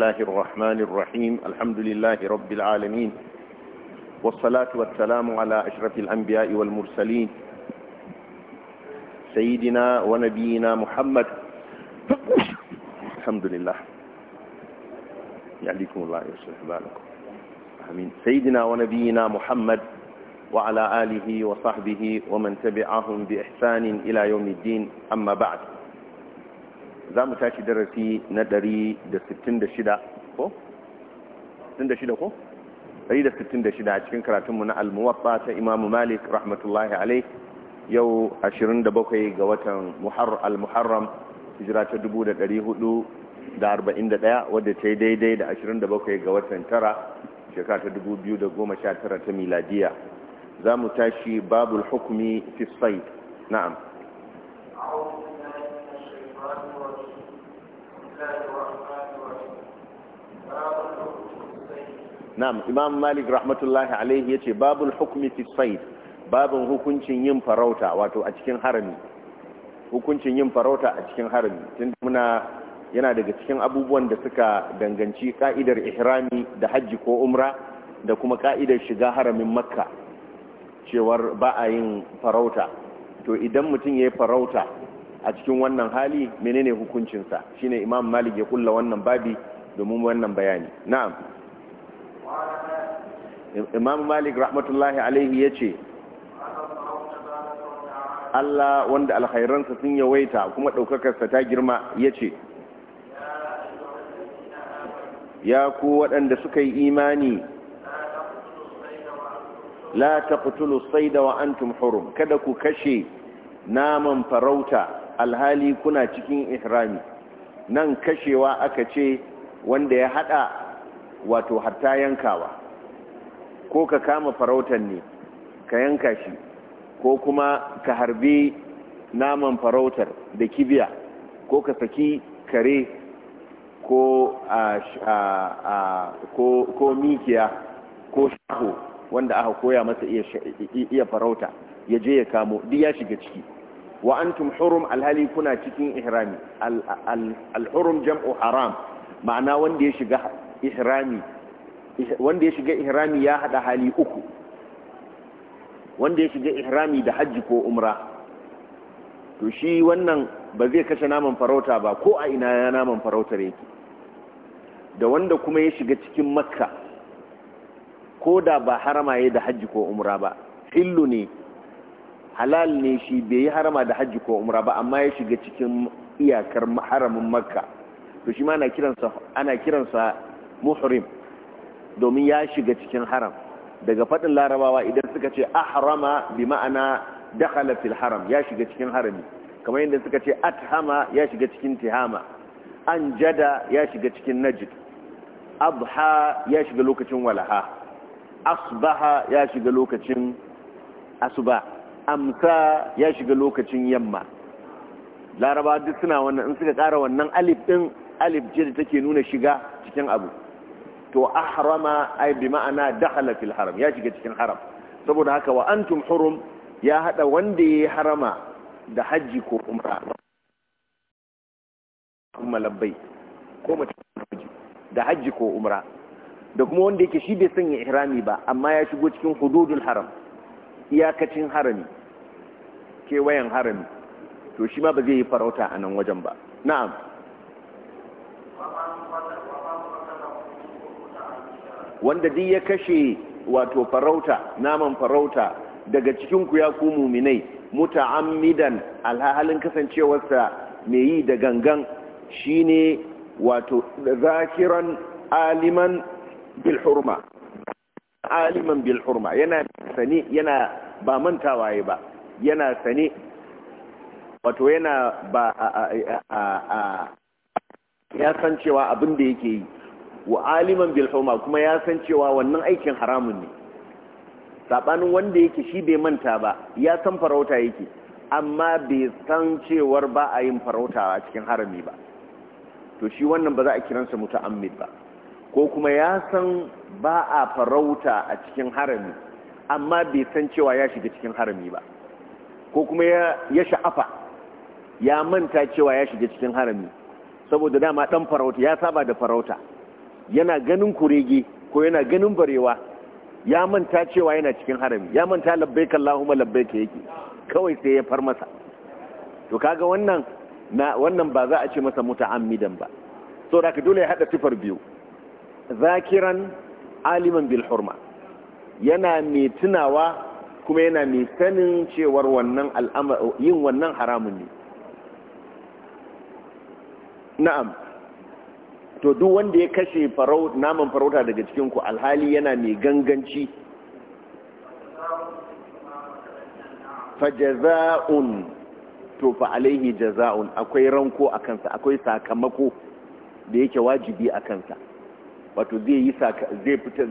الله الرحمن الرحيم الحمد لله رب العالمين والصلاة والسلام على أشرف الأنبياء والمرسلين سيدنا ونبينا محمد الحمد لله يعليكم الله يصلح بالكم آمين سيدنا ونبينا محمد وعلى آله وصحبه ومن تبعهم بإحسان إلى يوم الدين أما بعد za mu tashi darasi na 166 ko? ko? 166 a cikin karatunmu na almuwafa ta imamu malik rahmatullahi alai yau 27 ga watan al-muharram hijira ta 441 wadda ta yi daidai da 27 ga watan tara shekara ta 2019 ta miladiya za mu tashi babul hukumi fi na'am na'am imam malik rahmatullahi alaihi yace babul hukmi fi sayd babun hukuncin yin farauta wato a cikin harami hukuncin yin farauta a cikin harami tun muna yana daga cikin abubuwan da suka danganci ka'idar ihrami da hajji ko umra da kuma ka'idar shiga haramin makka cewar ba a yin farauta to idan mutum ya yi farauta a cikin wannan hali menene hukuncinsa shine imam malik ya kulla wannan babi domin wannan bayani na'am imam malik rahmatullahi alaihi ya ce Allah wanda alkhairansa sun yawaita kuma ɗaukakarsa ta girma ya ce ya ku waɗanda suka yi imani la taqtulu sayda wa antum hurum kada ku kashe naman farauta alhali kuna cikin ihrami nan kashewa aka ce wanda ya hada wato hatta yankawa ko ka kama farautan ne ka yanka shi ko kuma ka harbi naman farautar da kibiya ko ka saki kare ko ko mikiya ko shaho wanda aka koya masa iya farauta yaje ya kamo duk ya shiga ciki wa antum hurum alhali kuna cikin ihrami al-hurum jam'u haram ma'ana wanda ya shiga ihrami wanda ya shiga ihrami ya hada hali uku wanda ya shiga ihrami da hajji ko umra to shi wannan ba zai kashe naman farauta ba ko a ina ya naman farautar yake da wanda kuma ya shiga cikin makka ko da ba harama da hajji ko umra ba hillu ne halal ne shi bai yi harama da hajji ko umra ba amma ya shiga cikin iyakar haramin makka to shi ma ana kiransa ana kiransa muhrim domin ya shiga cikin haram daga faɗin larabawa idan suka ce ahrama bi ma'ana dakhala fil haram ya shiga cikin harami kamar yadda suka ce athama ya shiga cikin tihama anjada ya shiga cikin najd abha ya shiga lokacin walaha asbaha ya shiga lokacin asuba amsa ya shiga lokacin yamma laraba duk suna wannan in suka kara wannan alif ɗin alif ce da take nuna shiga cikin abu to ahrama ai bi ma'ana dakhala fil haram ya shiga cikin haram saboda haka wa antum hurum ya hada wanda yayi harama da haji ko umra kuma labbai ko mutaji da haji ko umra da kuma wanda yake shi bai sanya ihrami ba amma ya shigo cikin hududul haram iyakacin harami kewayen harami to shi ba zai yi farauta a nan wajen ba na'am wanda duk ya kashe wato farauta naman farauta daga cikin ku ya ku muminai muta'ammidan alhalin kasancewarsa mai yi da gangan shine wato zakiran aliman bil hurma aliman bil hurma yana sani yana ba mantawa waye ba yana sane wato yana ba ya san cewa abin da yake yi wa aliman bilhoma kuma ya san cewa wannan aikin haramun ne saɓanin wanda yake shi bai manta ba ya san farauta yake amma bai san cewar ba a yin farauta a cikin harami ba to shi wannan ba za a kiransa mutu'ammid ba ko kuma ya san ba a farauta a cikin harami amma bai san cewa ya shiga cikin harami ba ko kuma ya sha'afa ya manta cewa ya shiga cikin harami saboda dama dan farauta ya saba da farauta yana ganin kurege ko yana ganin barewa ya manta cewa yana cikin harami ya manta labbaika Allahumma labbaika yake kawai sai ya far masa to kaga wannan na ba za a ce masa muta'ammidan ba saboda ka dole ya hada tufar biyu zakiran aliman bil yana mai tunawa kuma yana mai sanin cewar wannan yin wannan haramun ne na'am to duk wanda ya kashe naman farauta daga cikinku alhali yana mai ganganci fajaza'un to fa alaihi jaza'un akwai ranko a kansa akwai sakamako da yake wajibi a kansa wato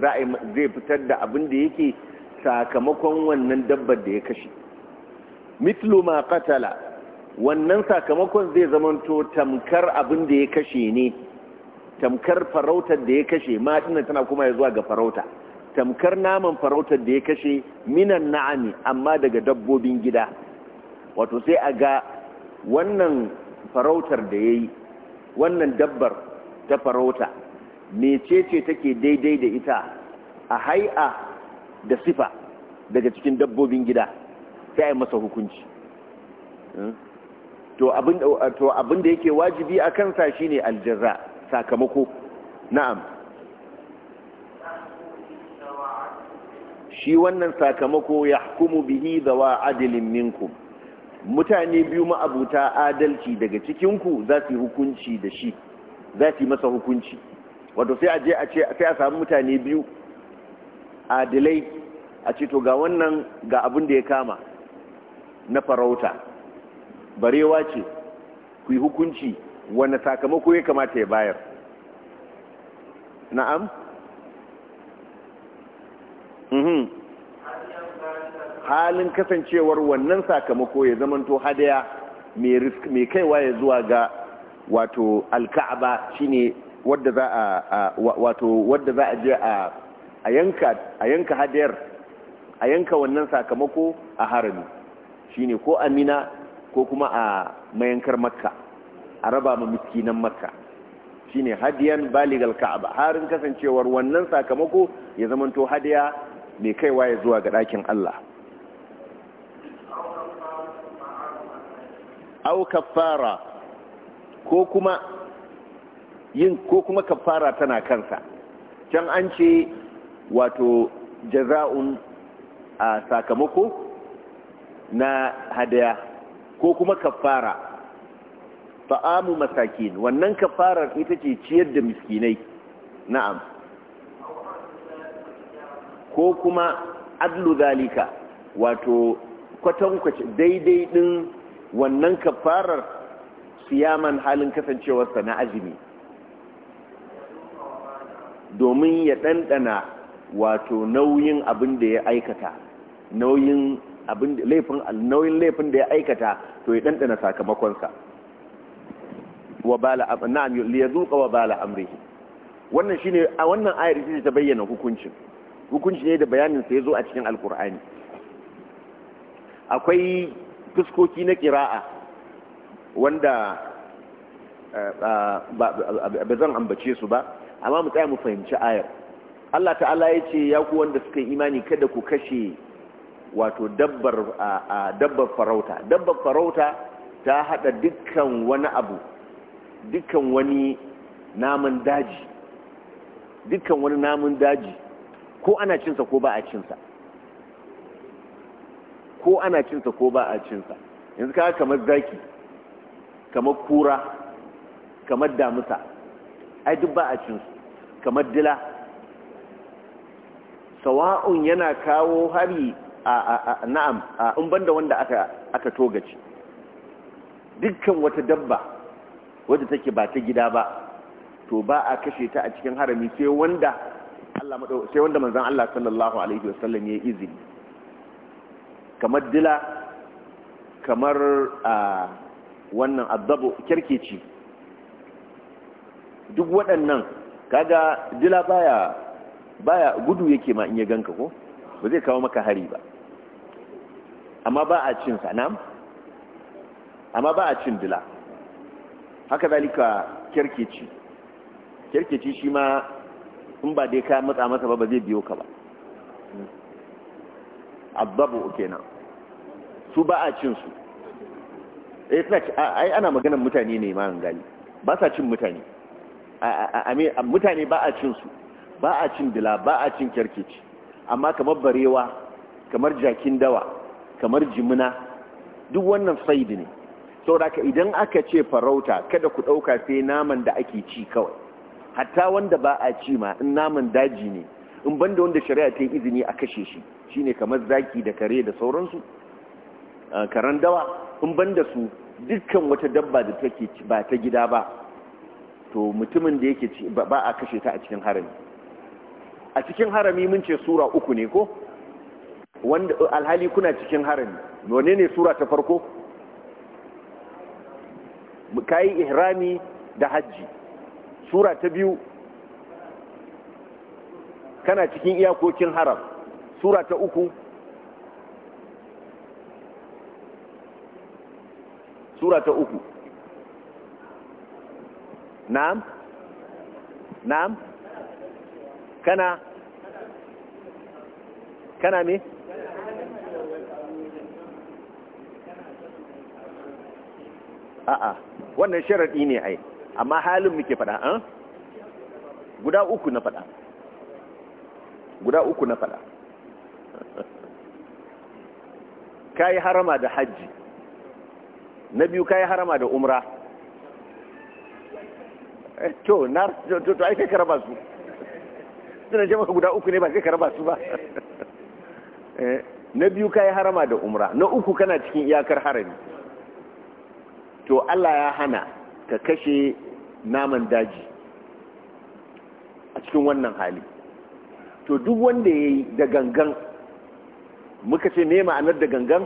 zai fitar da abin da yake sakamakon wannan dabbar da ya kashe mitlu ma katala wannan sakamakon zai zamanto tamkar abin da ya kashe ne tamkar farautar da ya kashe ma tana kuma ya zuwa ga farauta tamkar naman farautar da ya kashe minan na'ani amma daga dabbobin gida wato sai a ga wannan farautar da ya yi wannan dabbar ta farauta mecece take daidai da ita a hai'a da sifa daga cikin dabbobin gida sai yi masa hukunci hmm? to abin da yake wajibi a kansa shine aljirra sakamako na'am shi wannan sakamako ya hukumu bihi zawa adilin minkum mutane biyu ma'abuta adalci daga cikinku za su yi hukunci da shi za su yi masa hukunci wato sai a je a ce sai a samu mutane biyu a adilai a ce to ga wannan ga abin da ya kama na farauta barewa ce ku yi hukunci wanda sakamako ya kamata ya bayar na'am mhm. halin kasancewar wannan sakamako ya zamanto hadaya mai kaiwa ya zuwa ga wato alka'aba shine wadda za a wato wadda za a je a yanka hadiyar a yanka wannan sakamako a harami shine ko amina ko kuma a mayankar makka a raba ma miskinan makka shine hadiyan baligal ka'aba harin kasancewar wannan sakamako ya zamanto hadiya mai kaiwa ya zuwa ga ɗakin Allah au ko kuma yin ko kuma kafara tana kansa can an ce wato jaza'un a sakamako na hadaya ko kuma kafara fa'amu masakin wannan fara ita ce ciyar da miskinai na'am ko kuma adlu zalika wato kwatankwace daidai din wannan kafarar siyaman halin kasancewarsa na azumi domin ya ɗanɗana wato nauyin abin da ya aikata nauyin laifin da ya aikata to ya ɗanɗana sakamakonsa na'am liyazuqa wa bala amrihi wannan shi ne a wannan ayar shi ta bayyana hukuncin hukunci ne da bayaninsa ya zo a cikin alqur'ani akwai fuskoki na qira'a wanda eh, ba zan ambace su ba amma mu tsaya mu fahimci ayar Allah ta'ala ya ce ya ku wanda suka imani kada ku kashe wato dabbar dabbar farauta dabbar farauta ta hada dukkan wani abu dukkan wani namun daji dukkan wani namun daji ko ana cinsa ko ba a cinsa ko ana cinsa ko ba a cinsa yanzu kaga kamar zaki kamar kura kamar damusa ai duk ba a cin su kamar dila sawa'un yana kawo hari a na'am in banda wanda aka aka togaci dukkan wata dabba wadda take ba ta gida ba to ba a kashe ta a cikin harami sai wanda Allah sai wanda manzon Allah sallallahu alaihi wasallam ya izini kamar dila kamar wannan azabu kirkeci duk waɗannan kaga dila baya baya gudu yake ma in ya ganka ko ba zai kawo maka hari ba amma ba a cin sanam amma ba a cin dila haka zalika kyarkeci kyarkeci shi ma in ba dai ka matsa masa ba ba zai biyo ka ba azabu kenan su ba a cin su eh ai ana maganar mutane ne ma an gani ba sa cin mutane mutane ba a cin su ba a cin dila ba a cin kyarkeci amma kamar barewa kamar jakin dawa kamar jimina duk wannan saidi ne sauraka idan aka ce farauta kada ku ɗauka sai naman da ake ci kawai hatta wanda ba a ci ma in naman daji ne in banda wanda shari'a ta yi izini a kashe shi shine kamar zaki da kare da sauransu karen dawa in banda su dukkan wata dabba da take ba ta gida ba to mutumin da yake ba a kashe ta a cikin harami a cikin harami mun ce sura uku ne ko wanda alhali kuna cikin harami wane ne sura ta farko kayi ihrami da hajji sura ta biyu kana cikin iyakokin haram sura ta uku sura ta uku na'am na'am kana kana me a'a wannan sharaɗi ne ai amma halin muke faɗa an eh? guda uku na faɗa guda uku na faɗa ka yi harama da hajji na biyu ka yi harama da umra to na to ai kai karaba su suna guda uku ne ba kai karaba su ba eh, na biyu yi harama da umra na uku kana cikin iyakar harami to Allah ya hana ka kashe naman daji a cikin wannan hali to duk wanda ya yi da gangan muka ce me ma'anar da gangan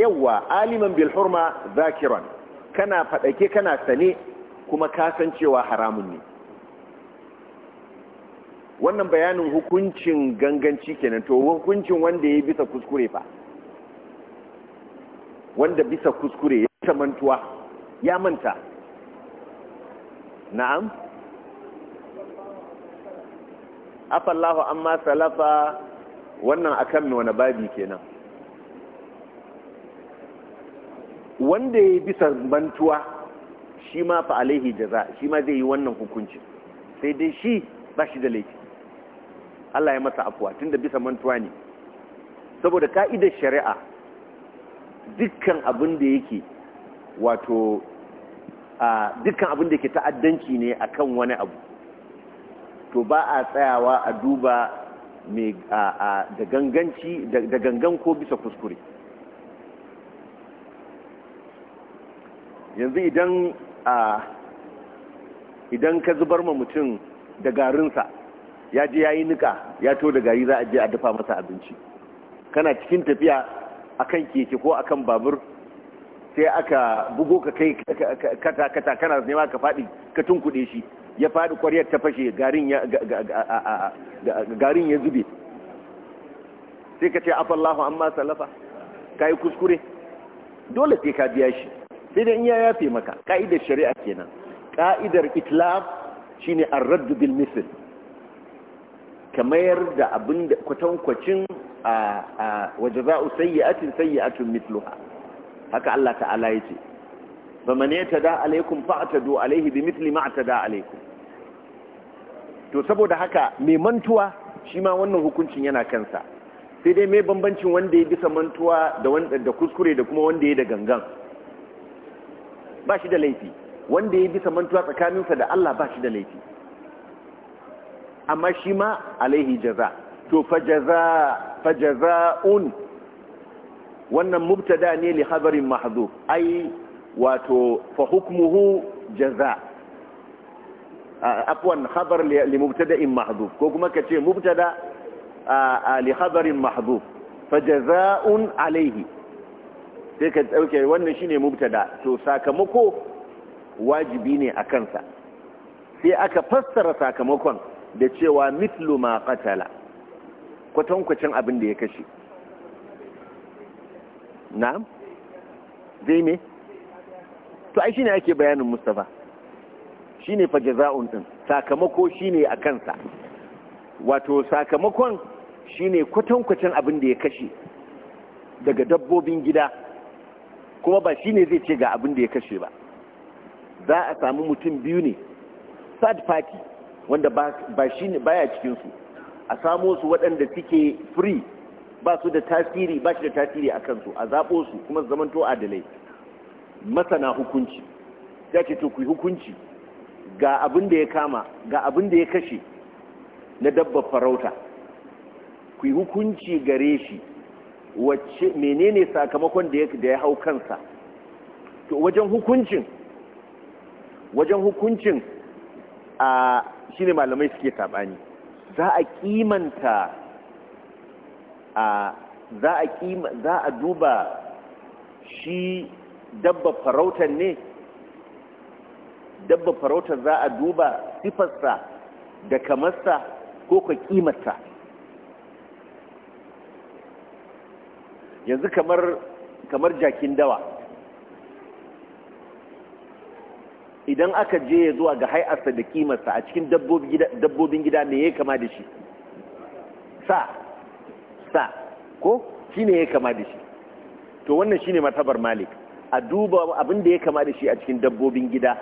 yawa aliman bil hurma zakiran kana faɗake kana sane kuma kasancewa haramun ne wannan bayanin hukuncin ganganci kenan to hukuncin wanda ya bisa kuskure fa wanda bisa kuskure ya bisa mantuwa ya manta na'am afallahu amma salafa wannan akan wani babi kenan wanda ya yi bisa bantuwa shi ma fa alaihi jaza shi ma zai yi wannan hukunci sai dai shi ba shi da laifi Allah ya masa afuwa tunda bisa mantuwa ne saboda ka'idar shari'a dukkan abin da yake wato dukkan abin da yake ta'addanci ne akan wani abu to ba a tsayawa a duba da gangan ko bisa kuskure yanzu idan a idan ka zubar ma mutum da garinsa ya je ya yi nika ya to da gari za a je a dafa masa abinci kana cikin tafiya akan keke ko akan babur sai aka bugo ka kai kata kata kana nema ka faɗi ka tunkuɗe shi ya faɗi kwaryar ta fashe garin ya zube sai ka ce afallahu amma salafa ka yi kuskure dole sai ka biya shi sai da iya ya yafe maka ka'idar shari'a kenan ka'idar itlaf shine ar-radd bil misl kamar da abin da kwatankwacin a a wajza'u sayyi'atin sayyi'atun mithluha haka Allah ta'ala yace faman yatada alaykum fa'tadu alaihi bimithli ma atada alaykum to saboda haka mai mantuwa shi ma wannan hukuncin yana kansa sai dai mai bambancin wanda ya bisa mantuwa da wanda da kuskure da kuma wanda ya da gangan ba shi da laifi wanda ya bisa mantuwa tsakaninsa da Allah ba shi da laifi amma shi ma alaihi jaza to fa fajaza'un wannan mubtada ne li habarin mahzuf ai wato fa hukmuhu jaza afwan khabar li mubtada'in mahzuf ko kuma kace mubtada li khabarin mahzuf fajaza'un alaihi sai ka ɗauke wannan shi ne mubtada to sakamako wajibi ne a kansa sai aka fassara sakamakon da cewa mitlu ma qatala kwatankwacin abin da ya kashe na'am zai me to ai shi ne ake bayanin mustafa ne faje za'un din sakamako shi ne a kansa wato sakamakon shi ne kwatankwacin abin da ya kashe daga dabbobin gida kuma ba shi ne zai ce ga abin da ya kashe ba za a samu mutum biyu ne third party wanda ba shi ne baya cikinsu a samo su waɗanda suke free ba su da tasiri ba shi da tasiri a kansu a zaɓo su kuma zamanto adalai masana hukunci ya ce to ku hukunci ga abin da ya kama ga abin da ya kashe na dabba farauta ku hukunci gare shi wacce menene sakamakon da ya hau kansa to wajen hukuncin wajen hukuncin a shine malamai suke sabani za a kimanta a za a kima za a duba shi dabba farautar ne dabba farautar za a duba sifarsa da kamarsa ko ka kimanta yanzu kamar kamar jakin dawa idan aka je ya zuwa ga hai'arsa da kimarsa a cikin dabbobin gida me ya kama da shi sa sa ko shi ne ya kama da shi to wannan shi ne matabar malik a duba abin da ya kama da shi a cikin dabbobin gida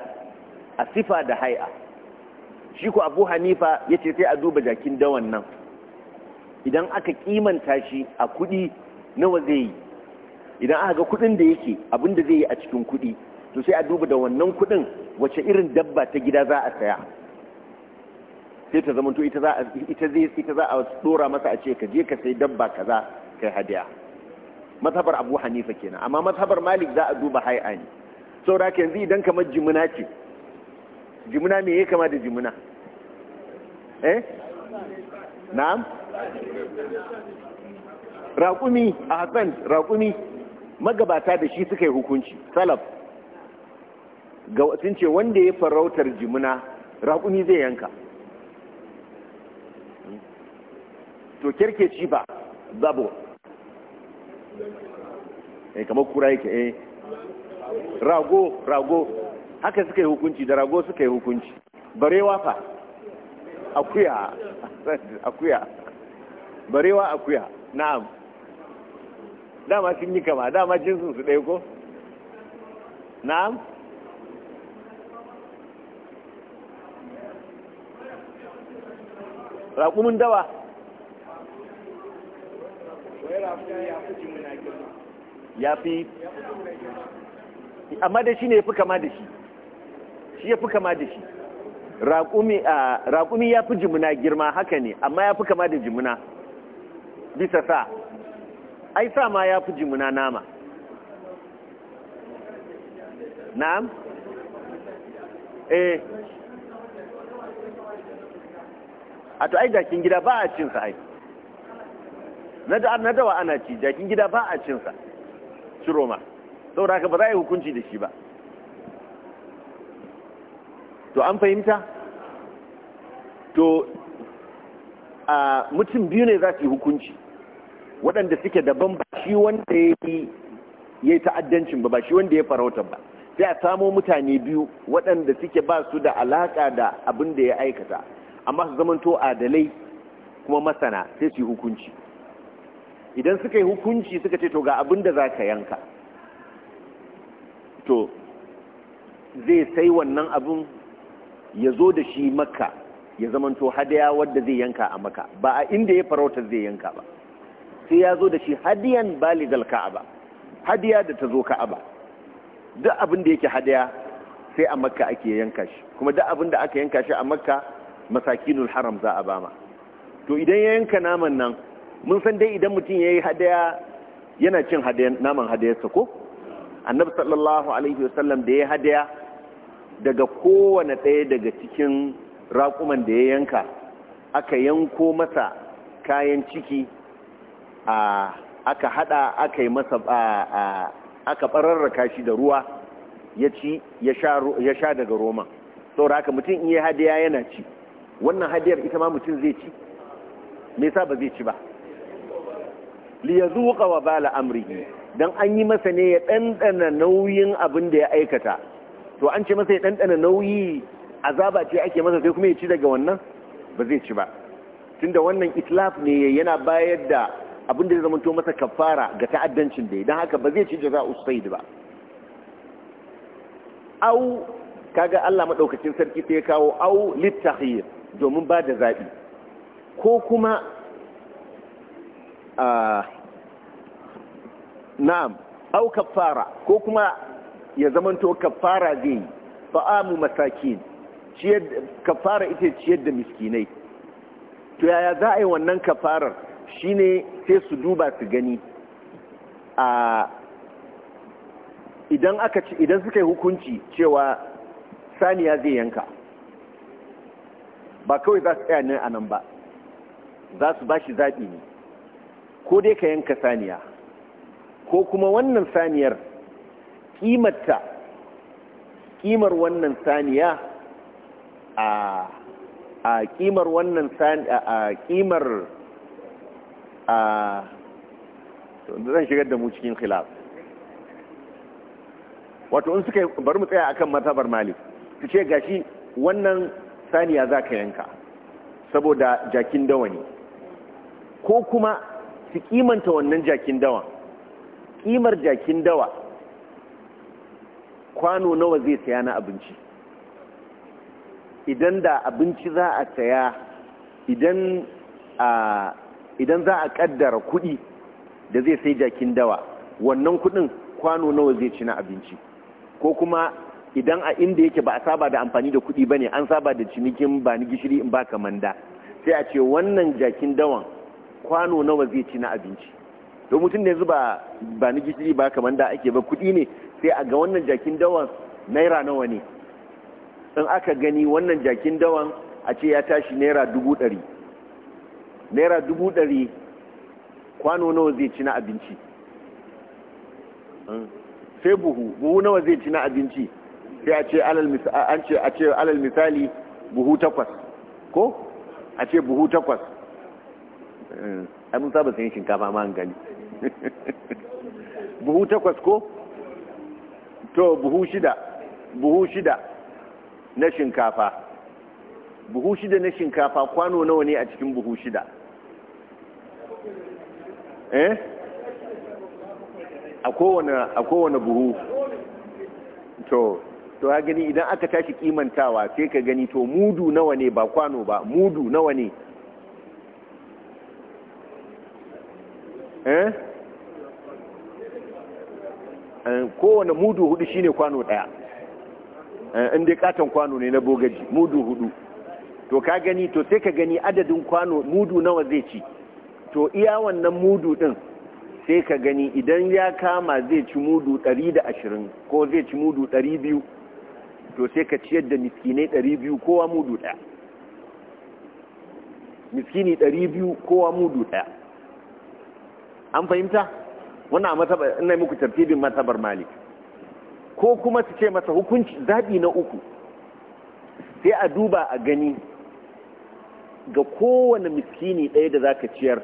a sifa da hai'a shi ku abu hanifa ya ce sai a duba jakin dawan nan idan aka kimanta shi a kudi nawa zai yi idan aka ga kuɗin da yake abin da zai yi a cikin kuɗi to sai a duba da wannan kuɗin wace irin dabba ta gida za a saya sai ta zamanto ita za a ita za a dora masa a ce ka je ka sai dabba kaza kai hadiya mazhabar Abu Hanifa kenan amma mazhabar Malik za a duba sau ne saboda yanzu idan kamar jimina ce jimina me ya kama da jimina eh na'am raƙumi a hassan raƙumi magabata da shi suka yi hukunci salaf ga sun ce wanda ya farautar jimuna raƙumi zai yanka to ci ba zabo eh kamar kura yake eh rago rago haka suka yi hukunci da rago suka yi hukunci barewa fa akuya akuya barewa akuya na'am dama sun yi kama dama sun su ɗaya ko na'am raƙumin dawa ya fi amma da shi ne ya fi kama da shi shi ya fi kama da shi raƙumi ya fi jimina girma haka ne amma ya fi kama da jimina bisa sa ai sa ma ya fi jimuna nama na'am eh a to ai jakin gida ba a cinsa ai na dawa ana ci jakin gida ba a cinsa ciro ma saboda haka ba za a yi hukunci da shi ba to an fahimta to a mutum biyu ne za su yi hukunci waɗanda suke daban ba shi wanda ya yi ta'addancin ba ba shi wanda ya farauta ba sai a samo mutane biyu waɗanda suke ba su da alaƙa da abin da ya aikata amma su to adalai kuma masana sai su yi hukunci idan suka yi hukunci suka ce to ga abin da za ka yanka to zai sai wannan abin ya zo da shi makka ya to hadaya wadda zai yanka a makka ba a inda ya farauta zai yanka ba sai ya zo da shi hadiyan baligal ka'aba hadiya da ta zo ka'aba duk abin da yake hadiya sai a makka ake yanka shi kuma duk abin da aka yanka shi a makka masakinul haram za a bama to idan ya yanka naman nan mun san dai idan mutum ya yi hadaya yana cin naman hadayarsa ko annabi sallallahu alaihi wasallam da ya hadaya daga kowane ɗaya daga cikin raƙuman da ya yanka aka yanko masa kayan ciki aka hada aka yi masa aka bararraka shi da ruwa ya ci ya sha daga roman saboda haka mutum in yi hadiya yana ci wannan hadiyar ita ma mutum zai ci me sa ba zai ci ba li zuƙa wa bala Amri. Don an yi masa ne ya ɗanɗana nauyin abin da ya aikata to an ce masa ya ɗanɗana nauyi azaba ce ake masa sai kuma ya ci daga wannan ba zai ci ba tunda wannan itlaf ne yana bayar da abin da zama to masa kafara ga ta'addancin da ya don haka ba zai ci jaza usaid ba au kaga Allah maɗaukacin sarki sai ya kawo au littahir domin ba da zaɓi ko kuma na'am au kafara ko kuma ya to kafara zai yi fa'amu masakin kafara ita ciyar da miskinai to yaya za a yi wannan kafarar shine sai su duba su gani a idan aka ci idan suka yi hukunci cewa saniya zai yanka ba kawai za su tsaya ne a nan ba za su ba shi zaɓi ne ko dai ka yanka saniya ko kuma wannan saniyar ƙimarta ƙimar wannan saniya a ƙimar wannan saniya a ƙimar a zan shigar da mu cikin khilaf wato in suka bari mu tsaya akan matabar malik su ce gashi wannan saniya za ka yanka saboda jakin dawa ne ko kuma su kimanta wannan jakin dawa kimar jakin dawa kwano nawa zai saya na abinci idan da abinci za a saya idan a idan za a kaddara kuɗi da zai sai jakin dawa wannan kuɗin kwano nawa zai ci na abinci ko kuma idan a inda yake ba a saba da amfani da kuɗi ba ne an saba da cinikin ba ni gishiri in ba manda sai a ce wannan jakin dawan kwano nawa zai ci na abinci don mutum da yanzu ba ba ni gishiri ba manda ake ba kuɗi ne sai a ga wannan jakin dawan naira nawa ne in aka gani wannan jakin dawan a ce ya tashi naira dubu ɗari naira dubu ɗari kwano nawa zai ci na abinci hmm. sai buhu buhu nawa zai ci na abinci sai a ce alal misali buhu takwas ko a ce buhu takwas hmm. ai mun saba sayin shinkafa ma gani buhu takwas ko to buhu shida buhu shida na shinkafa buhu shida na shinkafa kwano nawa ne a cikin buhu shida eh a kowane buhu to to ha gani idan aka tashi kimantawa sai ka gani to mudu nawa ne ba kwano ba mudu nawa ne eh, eh kowane mudu hudu shine kwano daya eh, in dai katon kwano ne na bogaji mudu hudu to ka gani to sai ka gani adadin kwano mudu nawa zai ci to iya wannan mudu din sai ka gani idan ya kama zai ci mudu 120 ko zai ci mudu 200 to sai ka ciyar da miskinai 200 kowa mudu daya miskini 200 kowa mudu daya an fahimta wannan mataba ina muku tartibin matabar malik ko kuma su ce masa hukunci zaɓi na uku sai a duba a gani ga kowane miskini ɗaya da za ka ciyar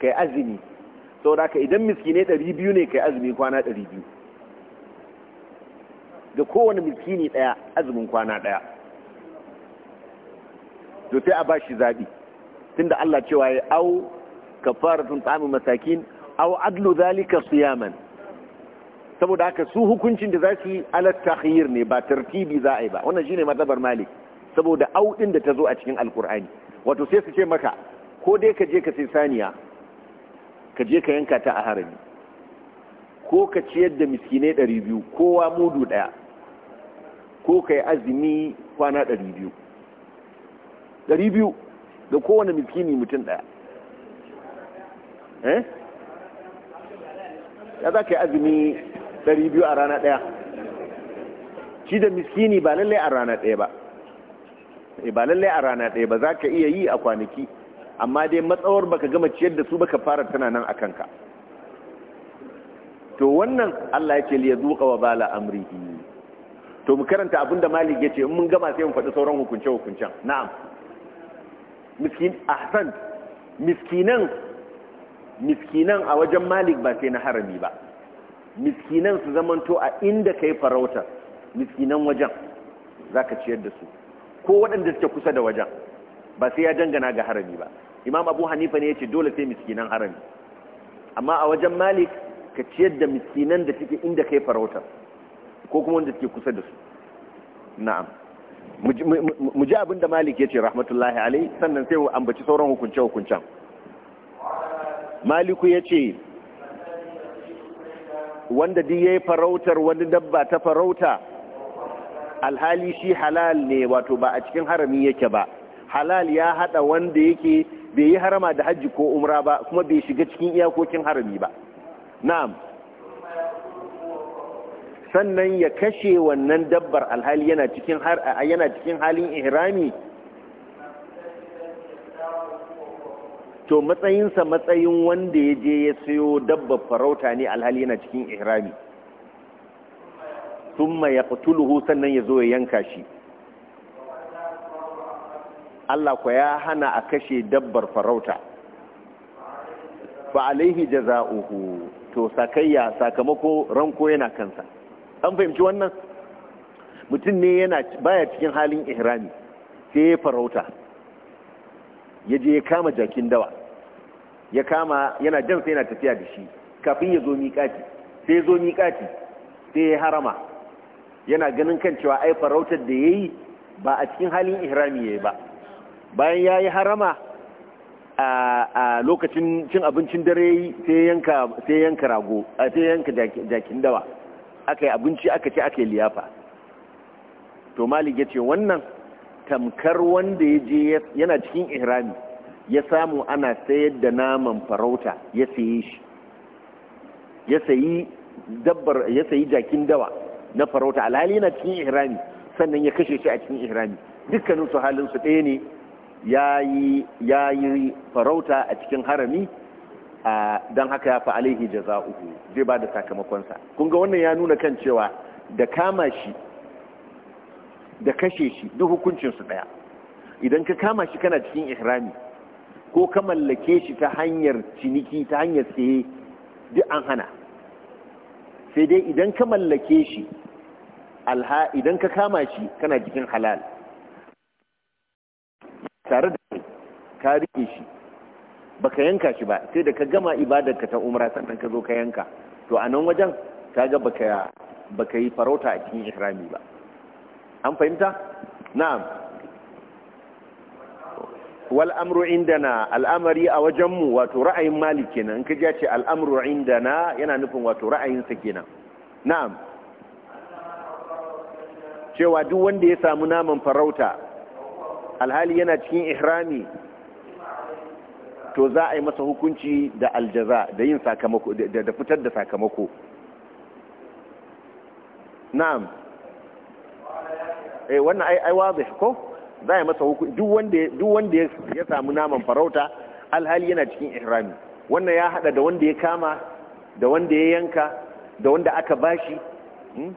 kai azumi saboda ka idan miskine 200 ne kai azumi kwana 200 ga kowane miskini daya azumin kwana daya to sai a bashi zabi tunda Allah cewa ya au kafaratun ta'amu masakin au adlu zalika siyaman saboda haka su hukuncin da za su yi alat takhir ne ba tartibi za a yi ba wannan shine mazabar malik saboda au din da ta zo a cikin alkur'ani wato sai su ce maka ko dai ka je ka sai saniya ka je ka yanka ta a harami ko ka ciyar da miskinai ɗari biyu kowa mudu ɗaya ko ka yi azumi kwana ɗari biyu ɗari biyu da kowane miskini mutum ɗaya eh ya za ka yi azumi ɗari biyu a rana ɗaya ci da miskini ba lallai a rana ɗaya ba eh, ba lallai a rana ɗaya ba za ka iya yi a kwanaki amma dai matsawar baka gama ciyar da su baka fara tana nan a ka to wannan Allah yake liya yazuqa wa bala amrihi to mu karanta abin da malik ya ce, in mun gama sai mu faɗi sauran hukunce hukuncen na'am miskin ahsan miskinan miskinan a wajen malik ba sai na harami ba miskinan su zamanto a inda kai farauta miskinan wajen zaka ciyar da su ko waɗanda suke kusa da wajen ba sai ya dangana ga harami ba imam abu hanifa ne ya ce dole sai miskinan harami amma a wajen malik ka ciyar da miskinan da suke inda kai farautar ko kuma wanda suke kusa da su na'am mu ji abin da malik ya ce rahmatullahi alai sannan sai ambaci sauran hukunce-hukuncen maliku ya ce wanda duk ya yi farautar wani dabba ta farauta alhali shi halal ne wato ba a cikin harami yake ba halal ya hada wanda yake bai yi harama da hajji ko umra ba kuma bai shiga cikin iyakokin harami ba na'am sannan ya kashe wannan dabbar alhali yana cikin yana cikin halin ihrami to matsayinsa matsayin wanda ya je ya sayo dabbar farauta ne alhali yana cikin ihrami thumma yaqtuluhu sannan ya zo ya yanka shi Allah ku ya hana a kashe dabbar farauta ba alaihi jaza'uhu to sakayya sakamako ranko yana kansa an fahimci wannan mutum ne yana baya cikin halin ihrami sai farauta ya je ya kama jakin dawa ya kama yana jan sai yana tafiya da shi kafin ya zo miƙati sai zo miƙati sai harama yana ganin kan cewa ai farautar da yayi ba a cikin halin ihrami yayi ba bayan ya yi harama a lokacin cin abincin dare sai yanka rago sai yanka jakin dawa aka yi abinci aka ce aka yi liyafa to mali ya ce wannan tamkar wanda ya je yana cikin ihrami ya samu ana sayar da naman farauta ya saye shi ya sayi dabbar ya sayi jakin dawa na farauta alhali yana cikin ihrami sannan ya kashe shi a cikin ihrami dukkanin su halin su ɗaya ne ya yi farauta a cikin harami don haka ya fa'alaihi uku, zai ba da sakamakonsa Kunga wannan ya nuna kan cewa da kama shi da kashe shi duk hukuncinsu ɗaya idan ka kama shi kana cikin ihrami ko ka mallake shi ta hanyar ciniki ta hanyar tsaye duk an hana sai dai idan ka mallake shi alha idan ka kama shi kana cikin halal tare da kai ka rike shi ba ka yanka shi ba sai da ka gama ibadar ka ta umra sannan ka zo ka yanka to a nan wajen ga ba ka yi farauta a cikin ihrami ba an fahimta na'am wal amru indana al'amari a wajenmu wato ra'ayin malik kenan in ka ji ce al'amru indana yana nufin wato ra'ayin sa kenan na'am cewa duk wanda ya samu naman farauta alhali yana cikin ihrami to za a yi masa hukunci da aljaza da yin sakamako da fitar da sakamako na'am eh wannan ai ai wazi ko za a yi masa hukunci duk wanda duk wanda ya samu naman farauta alhali yana cikin ihrami wannan ya hada da wanda ya kama da wanda ya yanka da wanda aka bashi hmm?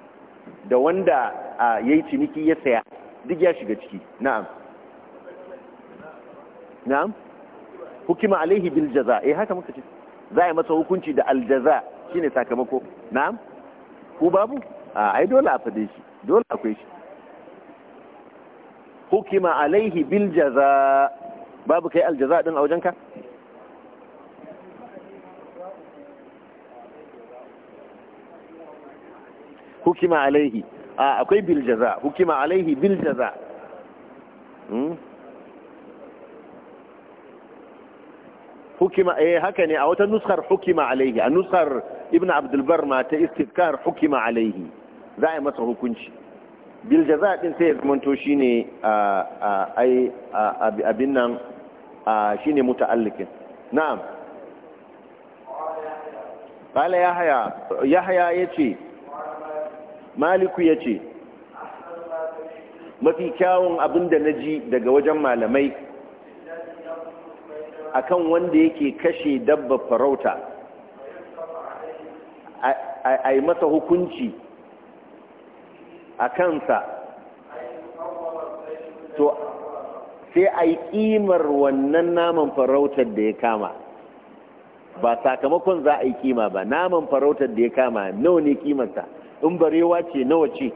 da wanda yayi ciniki ya saya duk ya shiga ciki na'am na'am hukima alaihi bil jaza eh haka muka ce za a masa hukunci da al jaza shine sakamako na'am ko babu a ai dole a fade shi dole akwai shi hukima alaihi bil jaza babu kai al jaza din a wajenka hukima alaihi akwai bil jaza hukima alaihi bil jaza hmm? hukima eh haka ne a wata nuskar hukima alaihi a nuskar ibn abdulbar ma ta istizkar hukima alaihi za a masa hukunci bil jaza din sai ya zamanto shine ai abin nan shine muta'alliqin na'am qala yahya yahya yace maliku yace mafi kyawun abinda da naji daga wajen malamai akan wanda yake kashe dabba farauta a yi masa hukunci a kansa to sai a yi ƙimar wannan naman farautar da ya kama ba sakamakon za a yi kima ba naman farautar da ya kama nawa ne kimarsa in barewa ce nawa ce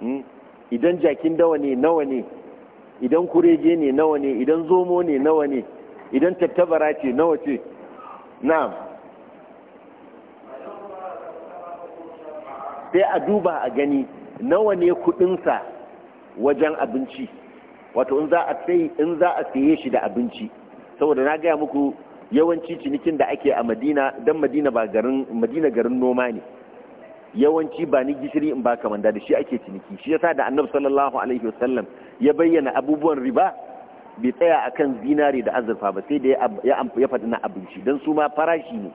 hmm? idan jakin dawa ne nawa ne idan kurege ne nawa ne idan zomo ne nawa ne idan tattabara ce nawa ce na'am sai a duba a gani nawa ne kudinsa wajen abinci wato in za a sai in za a saye shi da abinci saboda na gaya muku yawanci cinikin da ake a madina don madina ba garin madina garin noma ne yawanci ba ni gishiri in ba kamanda da shi ake ciniki shi sa da annabi sallallahu alaihi wasallam ya bayyana abubuwan riba bai tsaya a kan zinare da azurfa ba sai da ya faɗi na abinci don su ma farashi ne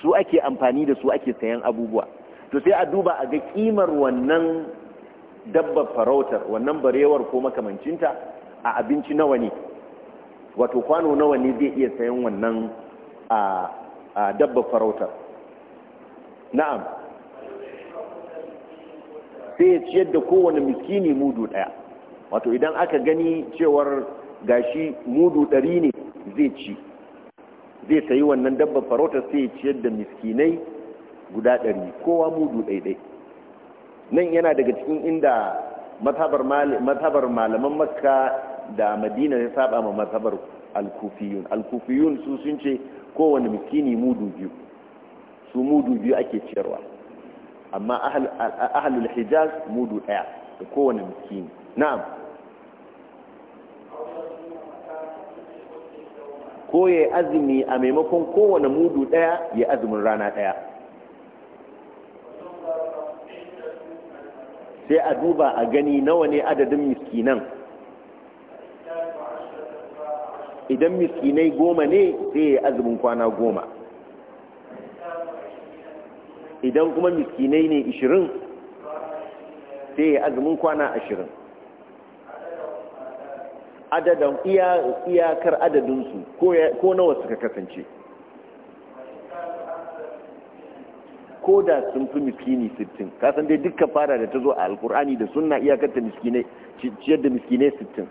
su ake amfani da su ake sayan abubuwa to sai a duba a ga kimar wannan dabbar farautar wannan barewar ko makamancinta a abinci nawa ne wato kwano nawa ne zai iya sayan wannan a dabbar farautar na'am sai ya ciyar da kowane miskini mudu ɗaya wato idan aka gani cewar gashi mudu ɗari ne zai ci zai sayi wannan dabba farauta sai ya ciyar da miskinai guda ɗari kowa mudu ɗaiɗai nan yana daga cikin inda matabar malaman makka da madina ya saba ma matabar alkufiyun alkufiyun su sun ce kowane miskini mudu biyu su mudu biyu ake ciyarwa amma ahalul hijaz mudu ɗaya da kowane miskini na'am ko ya azumi a maimakon kowane mudu ɗaya ya azumin rana ɗaya sai a duba a gani nawa ne adadin miskinan idan miskinai goma ne sai ya yi azumin kwana goma idan kuma miskinai ne ishirin sai ya yi azumin kwana ashirin adadin iyakar adadinsu ko nawa suka kasance ko da sun fi miskini 60 kasan dai dukkan fara da ta zo a alkur'ani da suna iyakar ta miskinai ciyar da miskinai 60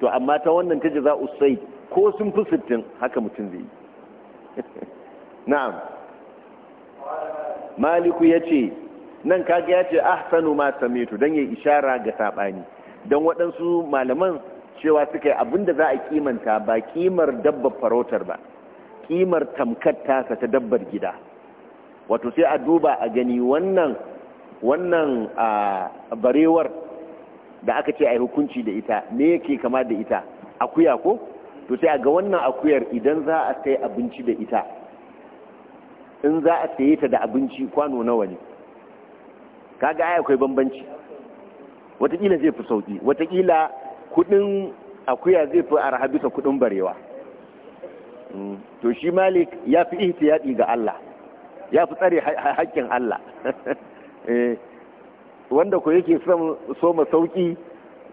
to amma ta wannan ta jaza usai ko sun fi 60 haka mutum zai yi na'am maliku ya ce nan kaga ya ce ahsanu ma samitu don ya ishara ga saɓani don waɗansu malaman cewa suka yi abinda za a kimanta ba kimar dabbar farautar ba kimar tamkar tasa ta dabbar gida wato sai a duba a gani wannan wannan barewar da aka ce a hukunci da ita ne yake kama da ita akuya ko to sai a ga wannan akuyar idan za a sai abinci da ita in za a saye ta da abinci kwano nawa ne kaga ai akwai bambanci watakila zai fi sauki watakila kudin akuya zai fi arha bisa kudin barewa mm. to shi malik ya fi yaɗi ga Allah ya fi tsare haƙƙin Allah eh, wanda ko yake soma sauƙi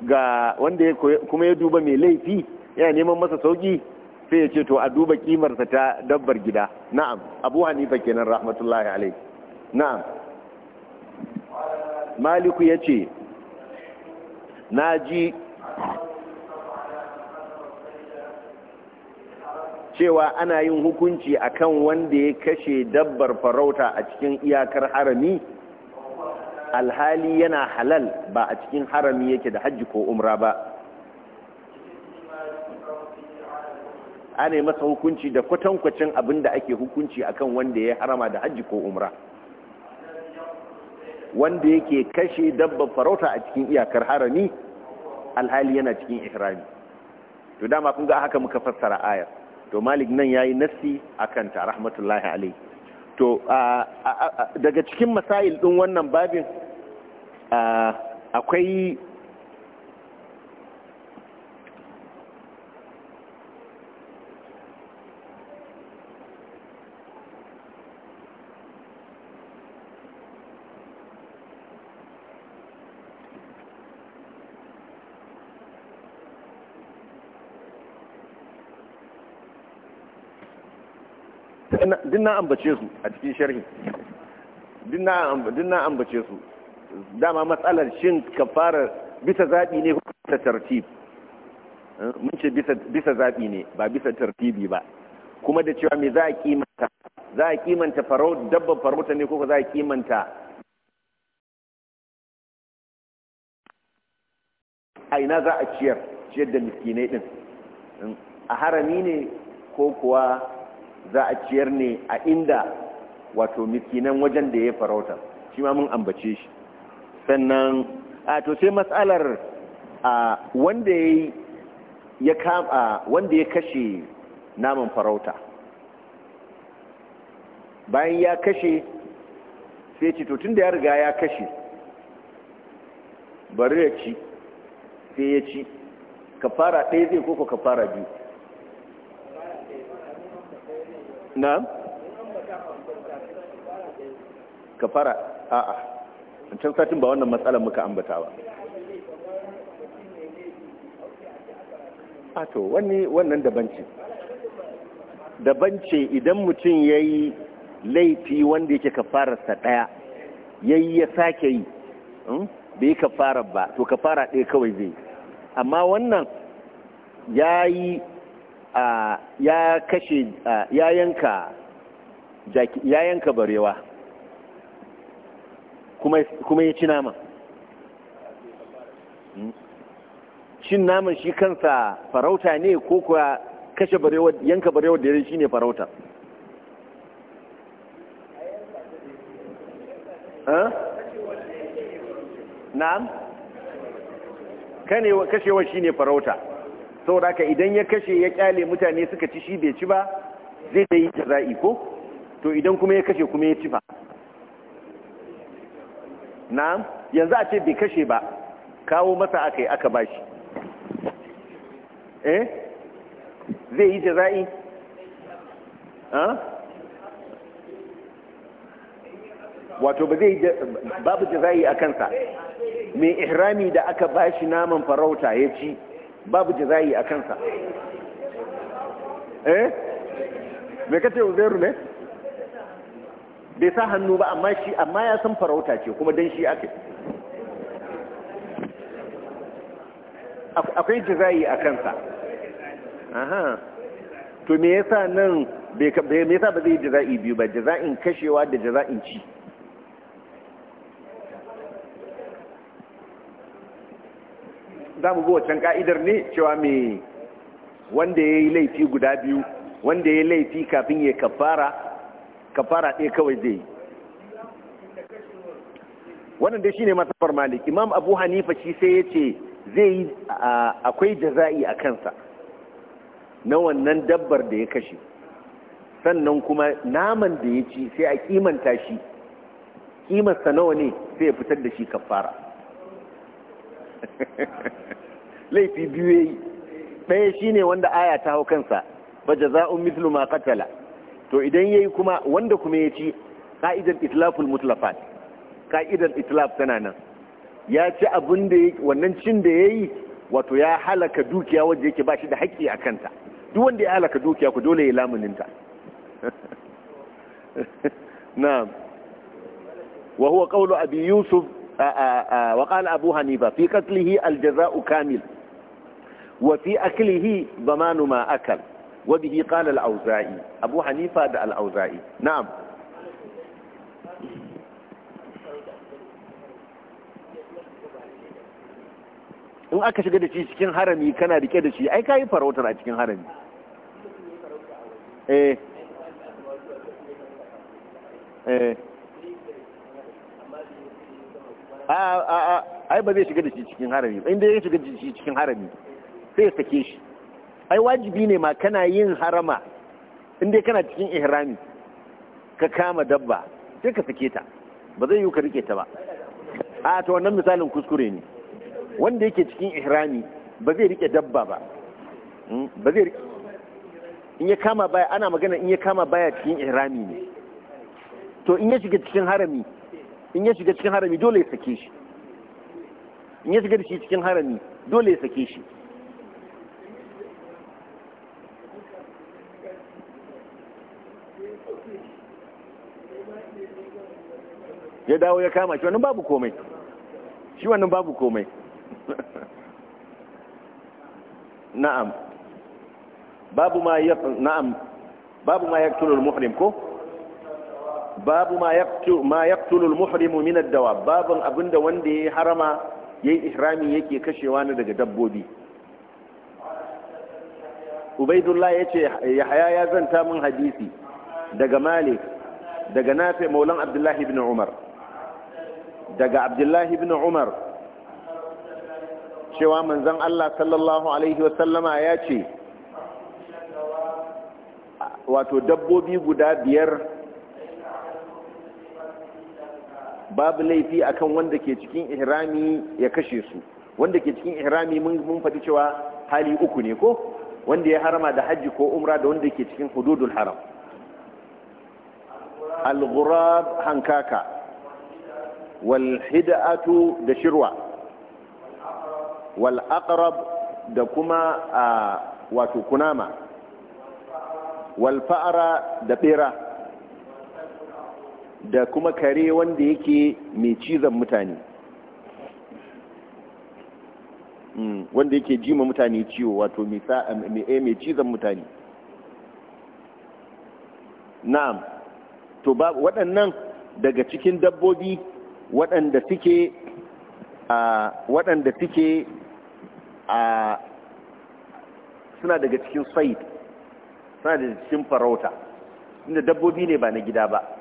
ga wanda kuma ya duba mai laifi yana neman masa sauƙi, sai ya ce to a duba ƙimarsa ta dabbar gida na'am abu hanifa kenan rahmatullahi alaihi na'am maliku ya ce na ji cewa ana yin hukunci akan wanda ya kashe dabbar farauta a cikin iyakar harami alhali yana halal ba a cikin harami yake da hajji ko umra ba ana masa hukunci da kwatankwacin abin da ake hukunci akan wanda ya harama da hajji ko umra wanda yake kashe dabbar farauta a cikin iyakar harami alhali yana cikin ihrami to dama kun ga haka muka fassara ayar to malik nan yayi nassi akan ta rahmatullahi alayhi to daga cikin masail din wannan babin akwai na ambace su a cikin sharhi duk na ambace su dama matsalar shin kafara bisa zaɓi ne bisa tartib eh, mun ce bisa zaɓi ne ba bisa tartibi ba kuma da cewa me za a kimanta za a kimanta dabban farauta ne ko za a kimanta a ina za a ciyar ciyar da miskinai din eh, a harami ne ko kuwa za a ciyar ne a inda wato miskinan wajen da ya farauta shi ma mun ambace shi sannan a to sai matsalar a wanda ya kashe naman farauta bayan ya kashe sai ce to da ya riga ya kashe bari ya ci sai ya ci Ka fara ɗaya zai koko fara biyu na kafara a'a can satin ba wannan matsalar muka ambata ba a wannan dabanci dabanci idan mutum ya yi laifi wanda yake kafararsa ɗaya ya yi ya sake yi hmm, bai kafarar ba to kafara ɗaya kawai zai amma wannan ya yi ya kashe ya yanka barewa kuma ya ci nama hmm? cin naman shi kansa farauta ne ko kuwa kashe barewa yanka barewa da shi ne farauta na'am kashewa shi ne farauta saboda ka idan ya kashe ya kyale mutane suka ci shi bai ci ba zai da yi jaza'i ko to idan kuma ya kashe kuma ya ci ba na yanzu a ce bai kashe ba kawo masa aka yi aka bashi eh zai yi jaza'i wato ba zai babu jaza'i a kansa mai ihrami da aka bashi naman farauta ya ci babu jizayi a kansa eh me kace uzairu ne bai sa hannu ba amma shi amma ya san farauta ce kuma dan shi ake akwai jizayi a kansa aha to me yasa nan bai me yasa ba zai jizayi biyu ba jaza'in kashewa da jaza'in ci za mu wacan ka'idar ne cewa mai wanda ya yi laifi guda biyu wanda ya yi laifi kafin ya kafara kafara ɗaya kawai zai yi wannan dai ne matafar malik imam abu hanifa shi sai ya ce zai yi akwai jaza'i a kansa na wannan dabbar da ya kashe sannan kuma naman da ya ci sai a kimanta shi kimarsa nawa ne sai ya fitar da shi kafara laifi biyu yayi ɗaya shine wanda aya ta hau kansa ba jaza'un mithlu ma qatala to idan yayi kuma wanda kuma ya ci ka'idar itlaful mutlafat ka'idar itlaf tana nan ya ci abin da wannan cin da yayi wato ya halaka dukiya wanda yake ba shi da haƙƙi a kanta duk wanda ya halaka dukiya ku dole ya lamuninta Na. wa huwa qawlu abi yusuf وقال أبو حنيفة في قتله الجزاء كامل وفي أكله ضمان ما أكل وبه قال الأوزاعي أبو حنيفة الأوزاعي نعم in aka shiga da shi cikin harami kana rike da shi ai kayi farautar a cikin harami eh eh ai ba zai shiga da shi cikin harami ba inda ya shiga da shi cikin harami sai ya sake shi ai wajibi ne ma kana yin harama inda kana cikin ihrami ka kama dabba sai ka sake ta ba zai yi ka rike ta ba a ta wannan misalin kuskure ne wanda yake cikin ihrami ba zai rike dabba ba hmm, ba zai rike, in ya kama baya ana magana in ya kama baya cikin ihrami ne to in ya shiga cikin harami in ya shiga cikin harami dole ya sake shi in ya shiga da shi cikin harami dole ya sake shi ya dawo ya kama shi wannan babu komai shi wannan babu komai na'am babu ma ya na'am babu ma yaqtulul muhrim ko babu ma yaqtu ma yaqtulu al-muhrimu min ad-dawab babun abinda wanda yayi harama yayi ihrami yake kashewa ne daga dabbobi ubaidullah yace Yahaya ya zanta min hadisi daga malik daga nafi maulan abdullahi ibn umar daga abdullahi ibn umar cewa manzon Allah sallallahu alaihi wasallama ya ce wato dabbobi guda biyar babu laifi akan wanda ke cikin ihrami ya kashe su wanda ke cikin ihrami mun faɗi cewa hali uku ne ko wanda ya harama da hajji ko umra da wanda ke cikin hududul haram al-ghurab hankaka wal hida'atu da shirwa wal aqrab da kuma wato kunama wal fa'ara da bera da kuma kare wanda yake mai cizon mutane hmm, wanda yake jima mutane ciwo wato eh, mai cizon mutane na'am to ba waɗannan daga cikin dabbobi waɗanda suke a waɗanda suke a suna daga cikin said suna daga cikin farauta inda dabbobi ne ba na gida ba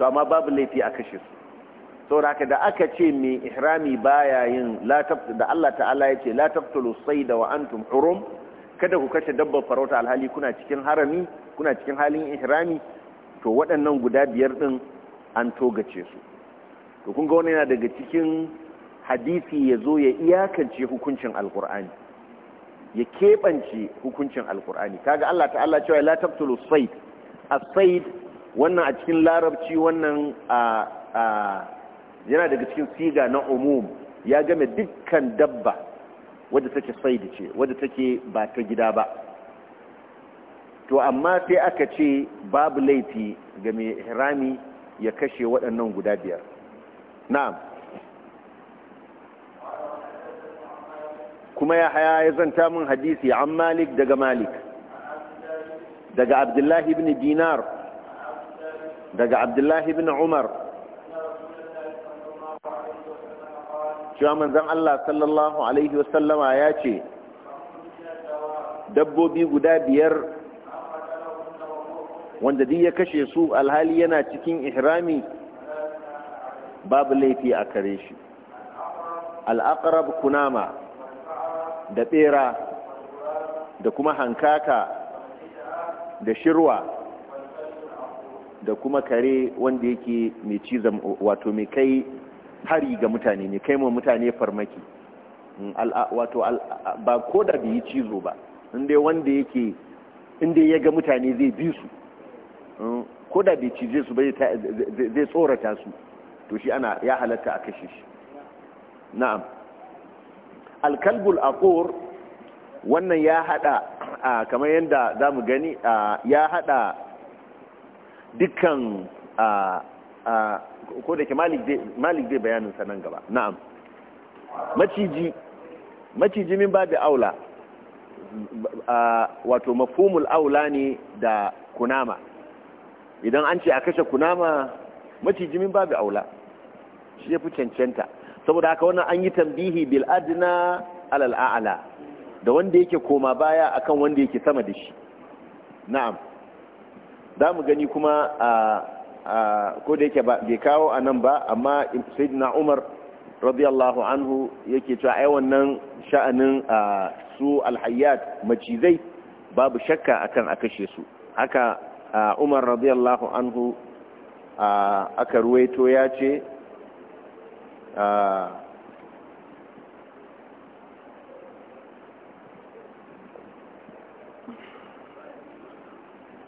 to amma babu laifi a kashe su sauraka da aka ce mai ihrami baya yin da Allah ta'ala ya ce la taqtulu sai wa antum hurum kada ku kashe dabbar farauta alhali kuna cikin harami kuna cikin halin ihrami to waɗannan guda biyar ɗin an togace su to kun ga wani yana daga cikin hadisi ya zo ya iyakance hukuncin alkur'ani ya keɓance hukuncin alkur'ani kaga Allah ta'ala cewa la taqtulu sai as-sayd wannan a cikin larabci wannan yana daga cikin siga na umum ya game dukkan dabba wadda take saidi ce wadda take ba ta gida ba to amma sai aka ce babu laifi ga mai hirami ya kashe waɗannan guda biyar na'am kuma ya haya ya zanta min hadisi an malik daga malik daga abdullahi ibn dinar daga abdullahi bin umar cewa manzan Allah sallallahu Alaihi wasallama ya ce dabbobi guda biyar wanda duk ya kashe su alhali yana cikin ihrami babu laifi a kare shi al'aqrab kunama da bera da kuma hankaka da shirwa da kuma kare wanda yake mai cizon wato mai kai hari ga mutane mai kai ma mutane farmaki mm, wato ba ko da bai yi cizo ba inda wanda yake inda ya ga mutane zai bi su mm, ko da bai cize su bai zai tsorata su to shi ana ya halatta a kashe shi na'am alkalbul aqur wannan ya hada kamar yadda zamu gani ya hada dukkan ko da ke malik zai bayanin sanan gaba na'am maciji maciji min ba aula wato mafumul aula ne da kunama idan an ce a kashe kunama maciji min ba da aula shi ya fi cancanta saboda haka wannan an yi tambihi bil adna alal a'la da wanda yake koma baya akan wanda yake sama da shi na'am za mu gani kuma a ko da yake bai kawo a nan ba amma na umar radiyallahu anhu yake cewa ai wannan sha'anin su alhayyat macizai babu shakka akan a kashe su haka umar radiyallahu anhu aka ruwaito ya ce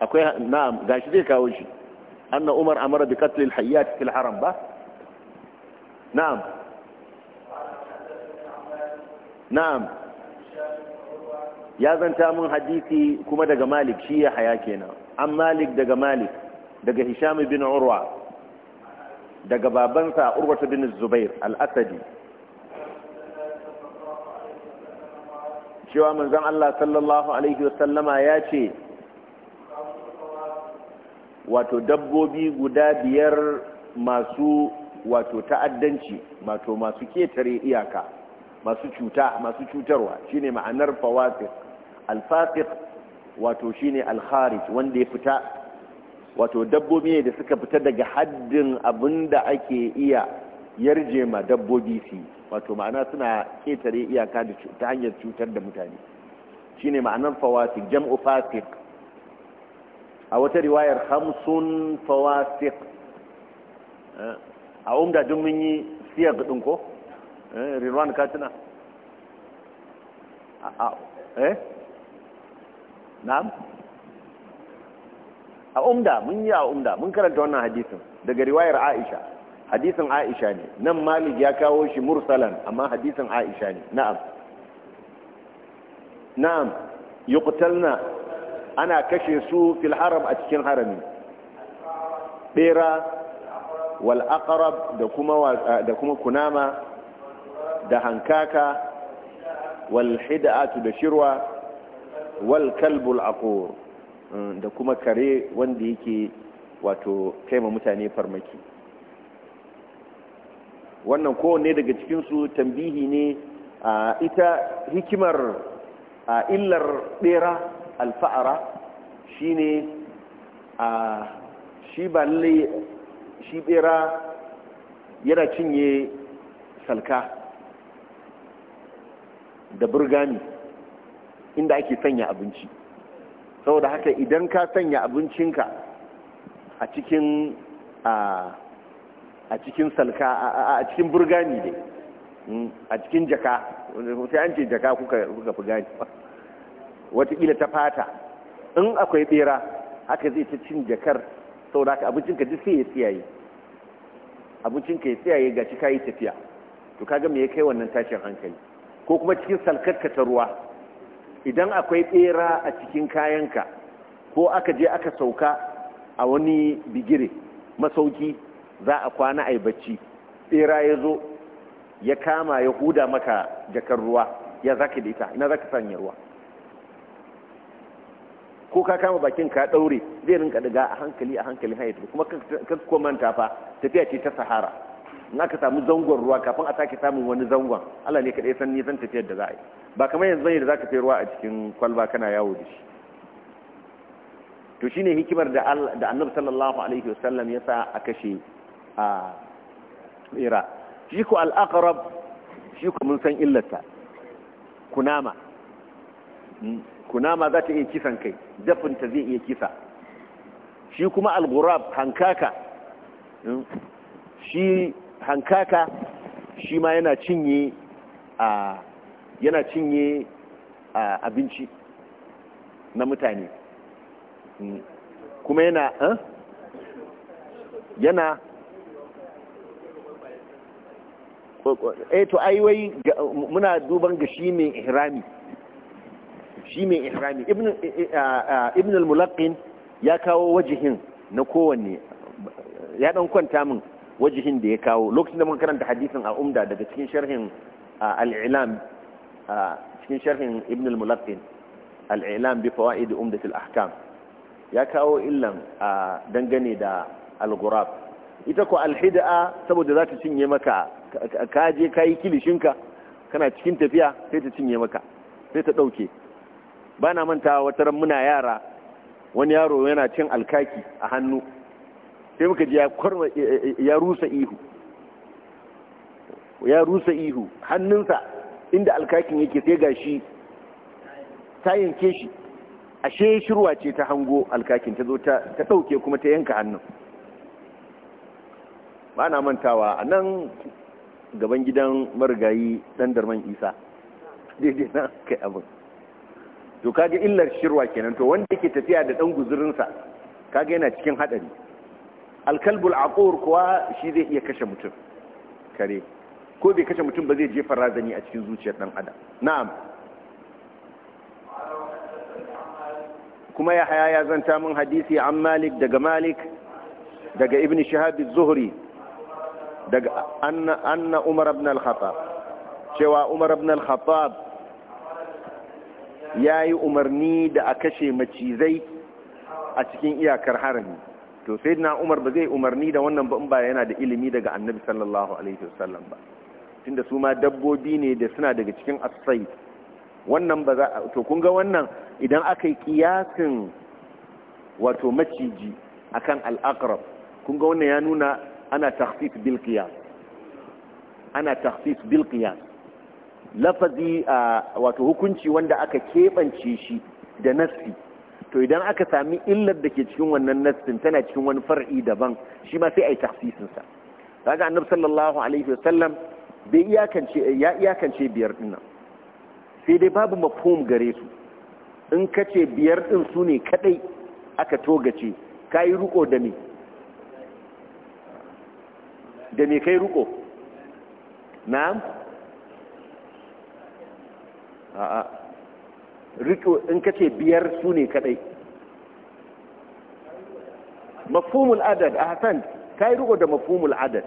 akwai na'am gashi zai kawo shi anna umar amara bi qatl al-hayyat haram ba na'am na'am ya zanta mun hadisi kuma daga malik shi ya haya kenan an malik daga malik daga hisham bin urwa daga babansa urwata bin zubair al-asadi cewa manzon Allah sallallahu alaihi wasallama ya ce wato dabbobi guda biyar masu wato ta'addanci wato masu ketare iyaka masu cuta masu cutarwa shine ma'anar fawasiq alfasiq wato shine alkharij wanda ya fita wato dabbobi ne da suka fita daga haddin abinda ake iya yarje ma dabbobi su wato ma'ana suna ketare iyaka da ta hanyar cutar da mutane shine ma'anar fawasiq jam'u fasiq a wata riwayar hamsun fawasik eh, a umda dun mun yi siyar gudun ko eh, rirwan katina eh na'am a umda mun yi a umda mun karanta wannan hadisin daga riwayar aisha hadisin aisha ne nan malik ya kawo shi mursalan amma hadisin aisha ne na'am na'am yuqtalna ana kashe su fil haram a cikin harami bera wal aqrab da kuma kunama da hankaka wal da shirwa wal kalbul aqur mm, da kuma kare wanda yake wato kaima mutane farmaki wannan kowanne daga cikinsu tambihi ne a ita hikimar a illar bera alfa'ara shi ne a shi ba lalle shi bera yana cinye salka da burgani inda ake sanya abinci saboda haka idan ka sanya abincinka a cikin a cikin salka a cikin burgani ne hmm, a cikin jaka sai an ce jaka kuka fi gani watakila ta fata in akwai bera haka zai ta cin jakar sau da abincinka duk sai ya tsiyaye abincinka ya tsiyaye ga cika yi tafiya to kaga mai ya kai wannan tashin hankali ko kuma cikin salkarka ta ruwa idan akwai bera a cikin kayanka ko aka je aka sauka a wani bigire masauki za a kwana a yi bacci bera ya zo ya kama ya huda maka jakar ruwa ya zaki da ita ina za ka sanya ruwa ko ka kama bakin ka daure zai rinka daga a hankali a hankali har kuma kan manta fa tafiya ce ta sahara in aka samu zangon ruwa kafin a sake samun wani zangon Allah ne kadai san nisan tafiyar da za a yi ba kamar yanzu ne da za ka fi ruwa a cikin kwalba kana yawo da shi to shine hikimar da da Annabi sallallahu alaihi wasallam ya sa a kashe a ira shi ko al-aqrab shi ko mun san illarsa kunama hmm. kunama za ta iya kisan kai dafinta zai iya kisa shi kuma al-ghurab hankaka hmm, shi hankaka shi ma yana cinye a yana cinye abinci na mutane hmm, kuma yana yana eh to ai muna duban ga shi mai ihrami shi mai ihrami ibn eh, eh, ah, ah, al-mulaqin ya kawo wajihin na kowanne ya dan kwanta min wajihin da ya kawo lokacin da muka karanta hadisin a umda daga cikin sharhin ah, al-ilam cikin sharhin ibn al-mulaqin al-ilam bi fawaid umdat al-ahkam ya kawo illan dangane da al-ghurab ita ko al-hid'a saboda za ta cinye maka ka je kai kilishinka kana cikin tafiya sai ta cinye maka sai ta dauke ba na mantawa wata ran muna yara wani yaro yana cin alkaki a hannu sai muka ji ya rusa ihu ya rusa ihu hannunsa inda alkakin yake sai ga shi ta yanke shi ashe shirwa ce ta hango alkakin ta zo ta ɗauke kuma ta yanka hannun ba na mantawa a nan gaban gidan marigayi ɗan darman isa daidai na kai abin to kaga illar shirwa kenan to wanda yake tafiya da dan guzurinsa kaga yana cikin hadari alkalbul aqur kuwa shi zai iya kashe mutum kare ko bai kashe mutum ba zai jefa razani a cikin zuciyar dan adam na'am kuma ya haya ya zanta min hadisi an malik daga malik daga ibn shahab az-zuhri daga anna anna umar ibn al-khattab cewa umar ibn al-khattab ya yi umarni da a kashe macizai a cikin iyakar harami to sai na umar ba zai umarni da wannan ba ba yana da ilimi daga annabi sallallahu alaihi wasallam ba tunda su ma dabbobi ne da suna daga cikin asai wannan ba za to kun ga wannan idan aka yi kiyasin wato maciji akan kan aqrab kun ga wannan ya nuna ana taksis bil ana takhsis bil lafazi a wato hukunci wanda aka keɓance shi da nassi to idan aka sami illar da ke cikin wannan nassin tana cikin wani far'i daban shi ma sai a yi tafsisinsa kaga annabi sallallahu alaihi wasallam bai iyakance ya iyakance biyar din sai dai babu mafhum gare su in ka ce biyar din su ne kadai aka togace kayi ruko da me da me kai ruko na. a'a riko in ka ce biyar su ne kadai mafhumul adad a hasan ka yi riko da mafhumul adad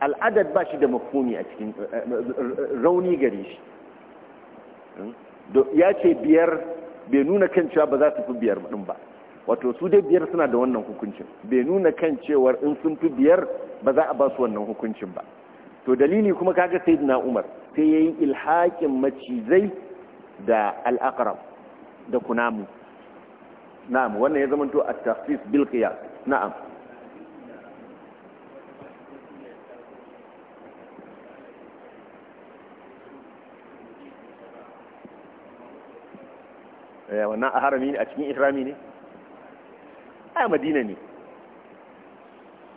al'adad ba shi da mafhumi a cikin eh, eh, rauni gare shi hmm? ya ce biyar bai nuna kan cewa ba za su fi biyar din ba wato su dai biyar suna da wannan hukuncin bai nuna kan cewar in sun fi biyar ba za a ba su wannan hukuncin ba to dalili kuma kaga sayyidina umar sai yayi ilhakin macizai da al-aqrab da kunamu na'am wannan ya zama to at-takhsis bil qiyas na'am eh wannan a harami ne a cikin ihrami ne a madina ne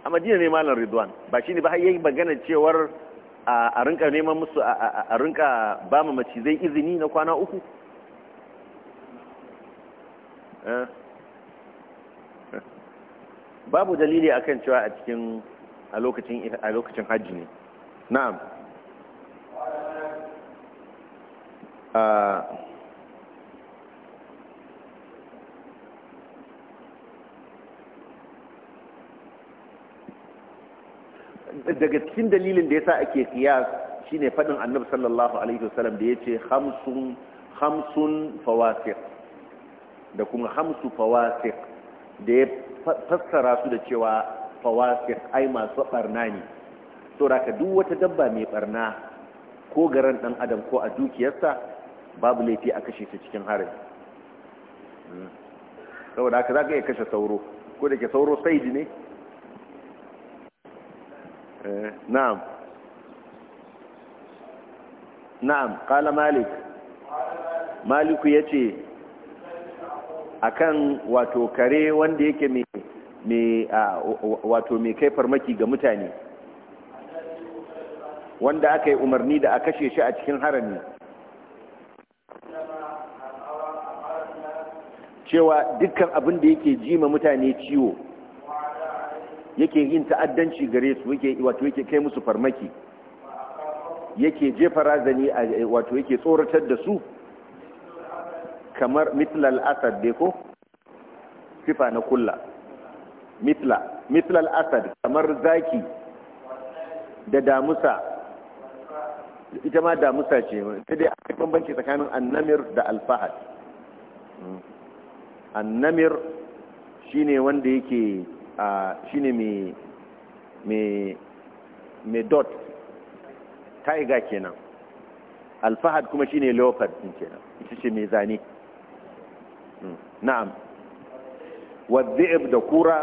a madina ne malam ridwan ba shi ne ba yayi magana cewar a rinka neman musu a rinka ba mu macizai izini na kwana uku eh? babu dalili akan cewa a cikin lokacin a lokacin hajji ne na'am ah. daga cikin dalilin da yasa ake qiyas shine fadin annabi sallallahu alaihi wasallam da yace khamsun khamsun fawasiq da kuma hamsu fawasiq da ya fassara su da cewa fawasiq ai masu barna ne to raka duk wata dabba mai barna ko garan dan adam ko a dukiyarsa babu laifi a kashe ta cikin harin hmm. saboda haka zaka iya kashe sauro ko da ke sauro saidi ne Eh, na'am نعم قال malik maliku ya ce akan wato kare wanda yake mai wato mai kai farmaki ga mutane wanda aka yi umarni da a kashe shi a cikin harami cewa dukkan abin da yake jima mutane ciwo yake yin ta'addanci gare su yake wato yake kai musu farmaki yake jefa razani wato yake tsoratar da su kamar mitla al-asad dai ko sifa na kulla mitla mitla asad kamar zaki da damusa ita ma damusa ce ta dai akwai bambanci tsakanin annamir da alfahad annamir shine wanda yake shi ne mai dot taiga kenan alfahad kuma shine leopard din kenan ita ce mai zane hmm. na'am wadda'ib da kura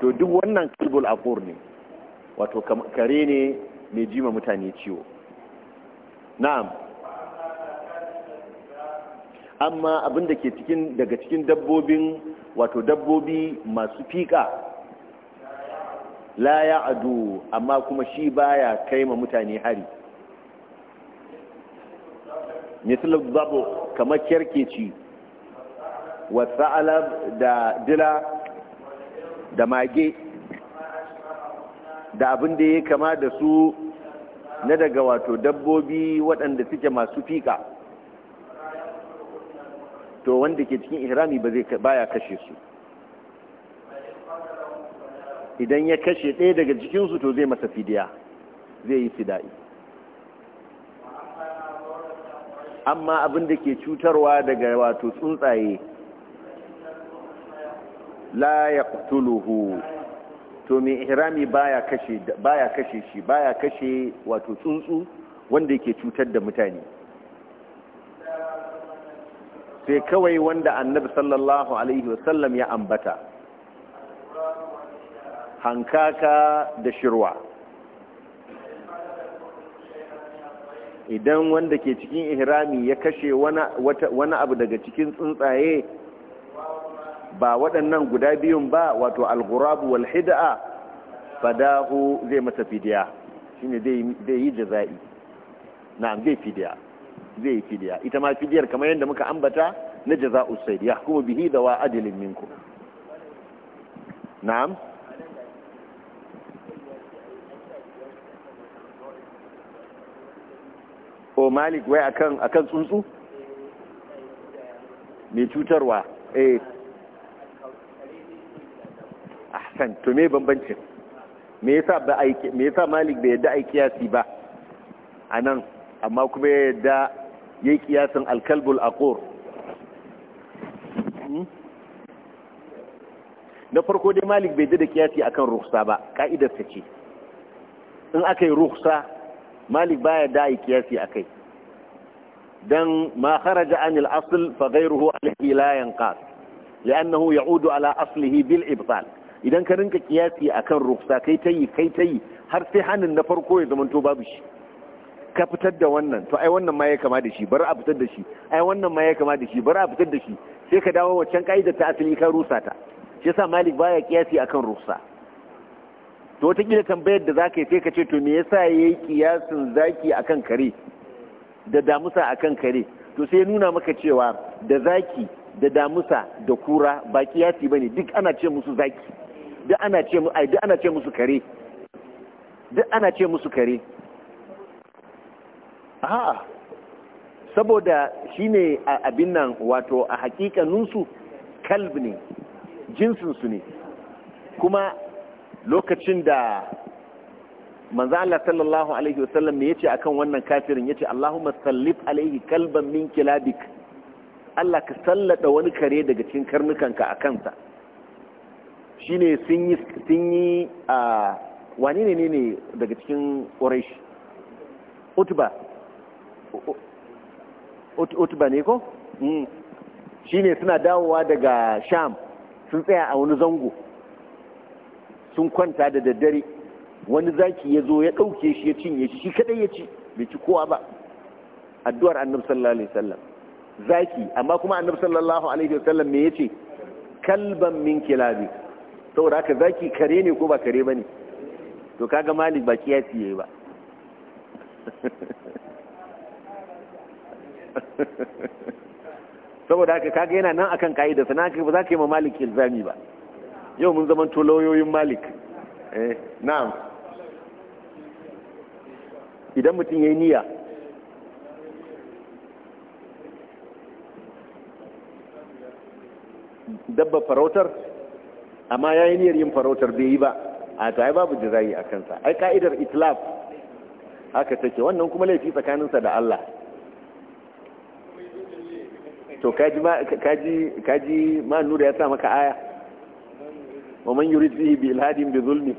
to duk wannan kalbul akur ne wato kare ne mai jima mutane ciwo na'am amma abin da ke cikin daga cikin dabbobin wato dabbobi masu fiƙa la ya adu amma kuma shi baya kai ma mutane hari misalin zabo kamar kyarkeci wasa'ala da dila da mage da abin da ya kama da su na daga wato dabbobi waɗanda suke masu fiƙa. to wanda ke cikin ihrami ba zai baya kashe su idan ya kashe ɗaya daga cikinsu to zai masa fidiya zai yi fida'i amma abin da ke cutarwa daga wato tsuntsaye la ya ƙutuluhu to mai ihrami baya kashe shi baya kashe wato tsuntsu wanda ke cutar da mutane sai kawai wanda annabi sallallahu alaihi wasallam ya ambata hankaka da shirwa idan wanda ke cikin ihrami ya kashe wani abu daga cikin tsuntsaye ba waɗannan guda biyun ba wato al wal hid'a fadahu zai masa fidiya shine zai yi jaza'i na'am zai fidiya zai yi fidiya ita ma fidiyar kamar yadda muka ambata na jaza'us ya kuma bihi dawa adilin minku na'am o malik wai akan akan tsuntsu mai cutarwa eh ahsan to me bambancin me yasa ba me yasa malik bai yadda ya kiyasi ba anan amma kuma ya yadda ya yi kiyasin alkalbul akor hmm? na farko dai malik bai da kiyasi akan ruhsa ba ka'idarsa ce in aka yi ruhsa malik baya da yi kiyasi akai dan ma kharaja anil asl fa ghayruhu alayhi la yanqas li'annahu ya'udu ala aslihi bil ibtal idan ka rinka kiyasi akan ruksa kai tayi kai tayi har sai hanin na farko ya zamanto babu shi ka fitar da wannan to ai wannan ma ya kama da shi bari a fitar da shi ai wannan ma ya kama da shi bari a fitar da shi sai ka dawo wancan ka'idar ta asali ka rusa ta shi yasa malik baya kiyasi akan rusa to wata kila tambayar da zaka yi sai ka ce to me yasa yayi kiyasin zaki akan kare da damusa akan kare to sai nuna maka cewa da zaki da damusa da kura ba kiyasi bane duk ana ce musu zaki duk ana ce mu ai duk ana ce musu kare duk ana ce musu kare a'a saboda shine abin nan wato a hakikaninsu kalb ne jinsinsu ne kuma lokacin da manzo Allah sallallahu alaihi wasallam ne yace akan wannan kafirin yace Allahumma sallif alaihi kalban min kilabik Allah ka sallada wani kare daga cikin karnukanka a kansa shine sun yi sun yi a wani ne ne daga cikin Quraysh Utba utba ne ko mm. shine suna dawowa daga sham sun tsaya a wani zango sun kwanta da daddare wani zaki ya zo ya ɗauke shi ya cinye shi shi kadai ya ci bai ci kowa ba addu'ar annabi sallallahu alaihi wasallam zaki amma kuma annabi sallallahu alaihi wasallam me yace kalban min kilabi saboda haka zaki kare ne ko ba kare bane to kaga malik ba kiyasi yayi ba saboda haka kaga yana nan akan ka'ida sana ka ba za ka yi ma malik ilzami ba yau mun zama to lauyoyin malik eh na'am idan mutum ya yi niyya dabba farautar amma ya yi niyyar yin farautar bai yi ba a ta yi babu jirayi a kansa ai ka'idar itlaf haka take wannan kuma laifi tsakaninsa da Allah to kaji kaji ma nura ya sa maka aya wa man yuri zihi bi ilhadin bi zulmi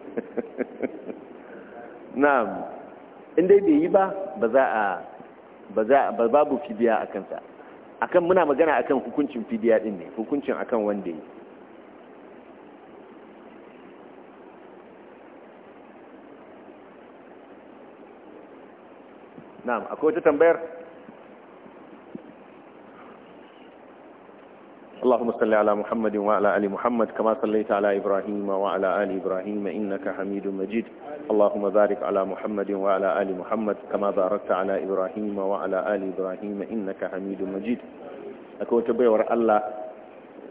na'am in dai bai yi ba ba za a ba za ba babu fidiya a kansa akan muna magana akan hukuncin fidiya din ne hukuncin akan wanda yi na'am akwai wata tambayar اللهم صل على محمد وعلى آل محمد كما صليت على إبراهيم وعلى آل إبراهيم إنك حميد مجيد اللهم بارك على محمد وعلى آل محمد كما باركت على إبراهيم وعلى آل إبراهيم إنك حميد مجيد أكون تبيور الله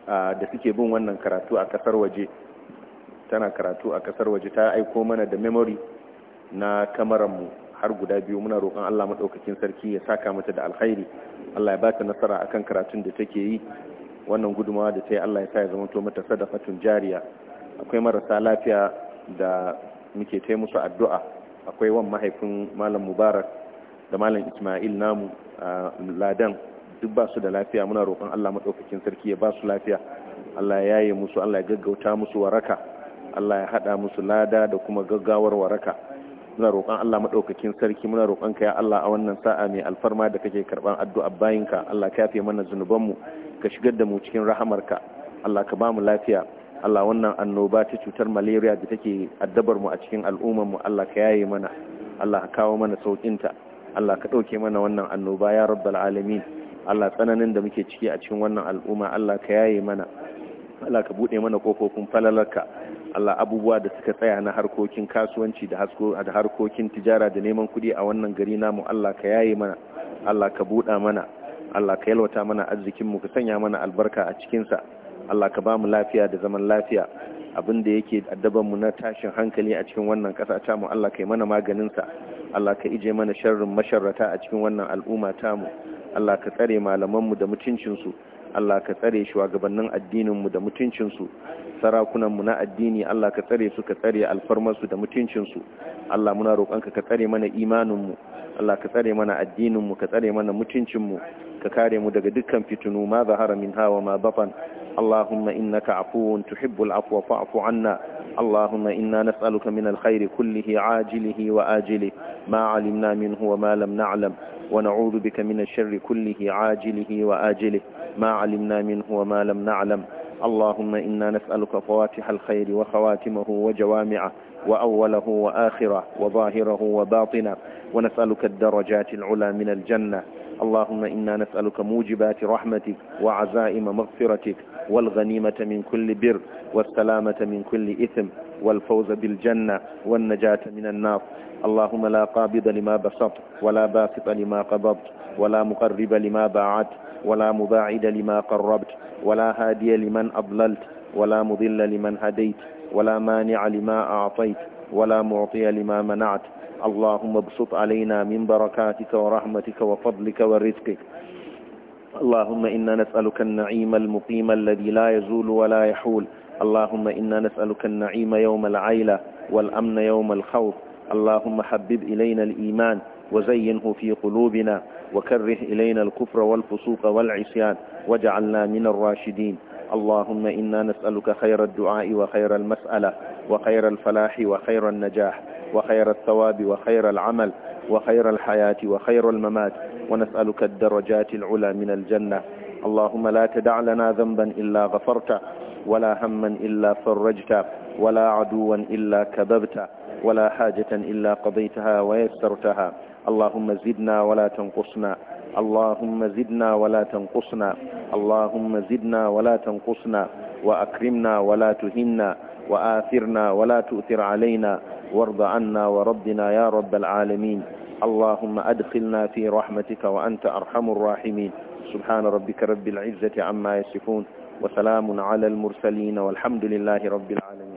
da suke bin wannan karatu a kasar waje tana karatu a kasar waje ta aiko mana da memory na mu har guda biyu muna roƙon Allah maɗaukakin sarki ya saka mata da alkhairi Allah ya ba ta nasara akan karatun da take yi wannan gudumawa da ta yi Allah ya sa ya zama to mata sadaqatun jariya akwai marasa lafiya da muke ta musu addu'a akwai wan mahaifin malam mubarak da malam ismail namu a ladan duk ba su da lafiya muna roƙon Allah maɗaukakin sarki ya ba su lafiya Allah ya yaye musu Allah ya gaggauta musu waraka Allah ya haɗa musu lada da kuma gaggawar waraka muna roƙon Allah maɗaukakin sarki muna roƙon ka ya Allah a wannan sa'a mai alfarma da kake karɓar addu'a bayinka Allah ka yafe mana zunubanmu ka shigar da mu cikin rahamarka Allah ka bamu lafiya Allah wannan annoba ta cutar malaria da take addabar mu a cikin al'ummar mu Allah ka yaye mana Allah ka kawo mana saukin ta Allah ka dauke mana wannan annoba ya rabbal alamin Allah tsananin da muke ciki a cikin wannan al'umma Allah ka yaye mana Allah ka bude mana kofofin falalarka Allah abubuwa da suka tsaya na harkokin kasuwanci da harkokin tijara da neman kuɗi a wannan gari namu Allah ka yaye mana Allah ka buɗa mana Allah ka yalwata mana arzikinmu ka sanya mana albarka a cikinsa Allah ka ba mu lafiya da zaman lafiya abin da yake addabanmu na tashin hankali a cikin wannan ƙasa ta mu Allah ka yi mana maganinsa Allah ka ije mana sharrin masharrata a cikin wannan al'umma ta mu Allah ka tsare malamanmu da mutuncinsu Allah ka tsare shugabannin addininmu da mutuncinsu sarakunanmu na addini Allah ka tsare su ka tsare alfarmarsu da mutuncinsu Allah muna roƙonka ka tsare mana imaninmu Allah ka tsare mana addininmu ka tsare mana mutuncinmu ka kare mu ما ظهر منها وما بطن اللهم إنك عفو تحب العفو فاعف عنا اللهم إنا نسألك من الخير كله عاجله وآجله ما علمنا منه وما لم نعلم ونعوذ بك من الشر كله عاجله وآجله ما علمنا منه وما لم نعلم اللهم إنا نسألك فواتح الخير وخواتمه وجوامعه وأوله وآخره وظاهره وباطنه ونسألك الدرجات العلى من الجنة اللهم إنا نسألك موجبات رحمتك وعزائم مغفرتك والغنيمة من كل بر والسلامة من كل إثم والفوز بالجنة والنجاة من النار اللهم لا قابض لما بسط ولا باسط لما قبضت ولا مقرب لما باعت ولا مباعد لما قربت ولا هادي لمن أضللت ولا مضل لمن هديت ولا مانع لما أعطيت ولا معطي لما منعت اللهم ابسط علينا من بركاتك ورحمتك وفضلك ورزقك اللهم إنا نسألك النعيم المقيم الذي لا يزول ولا يحول اللهم إنا نسألك النعيم يوم العيلة والأمن يوم الخوف اللهم حبب إلينا الإيمان وزينه في قلوبنا وكره إلينا الكفر والفسوق والعصيان واجعلنا من الراشدين اللهم إنا نسألك خير الدعاء وخير المسألة وخير الفلاح وخير النجاح وخير الثواب وخير العمل وخير الحياة وخير الممات ونسألك الدرجات العلى من الجنة اللهم لا تدع لنا ذنبا إلا غفرته ولا هما إلا فرجته ولا عدوا إلا كببته ولا حاجة إلا قضيتها ويسرتها اللهم زدنا ولا تنقصنا اللهم زدنا ولا تنقصنا اللهم زدنا ولا تنقصنا وأكرمنا ولا تهنا وآثرنا ولا تؤثر علينا وارض عنا وردنا يا رب العالمين اللهم أدخلنا في رحمتك وأنت أرحم الراحمين سبحان ربك رب العزة عما يصفون وسلام على المرسلين والحمد لله رب العالمين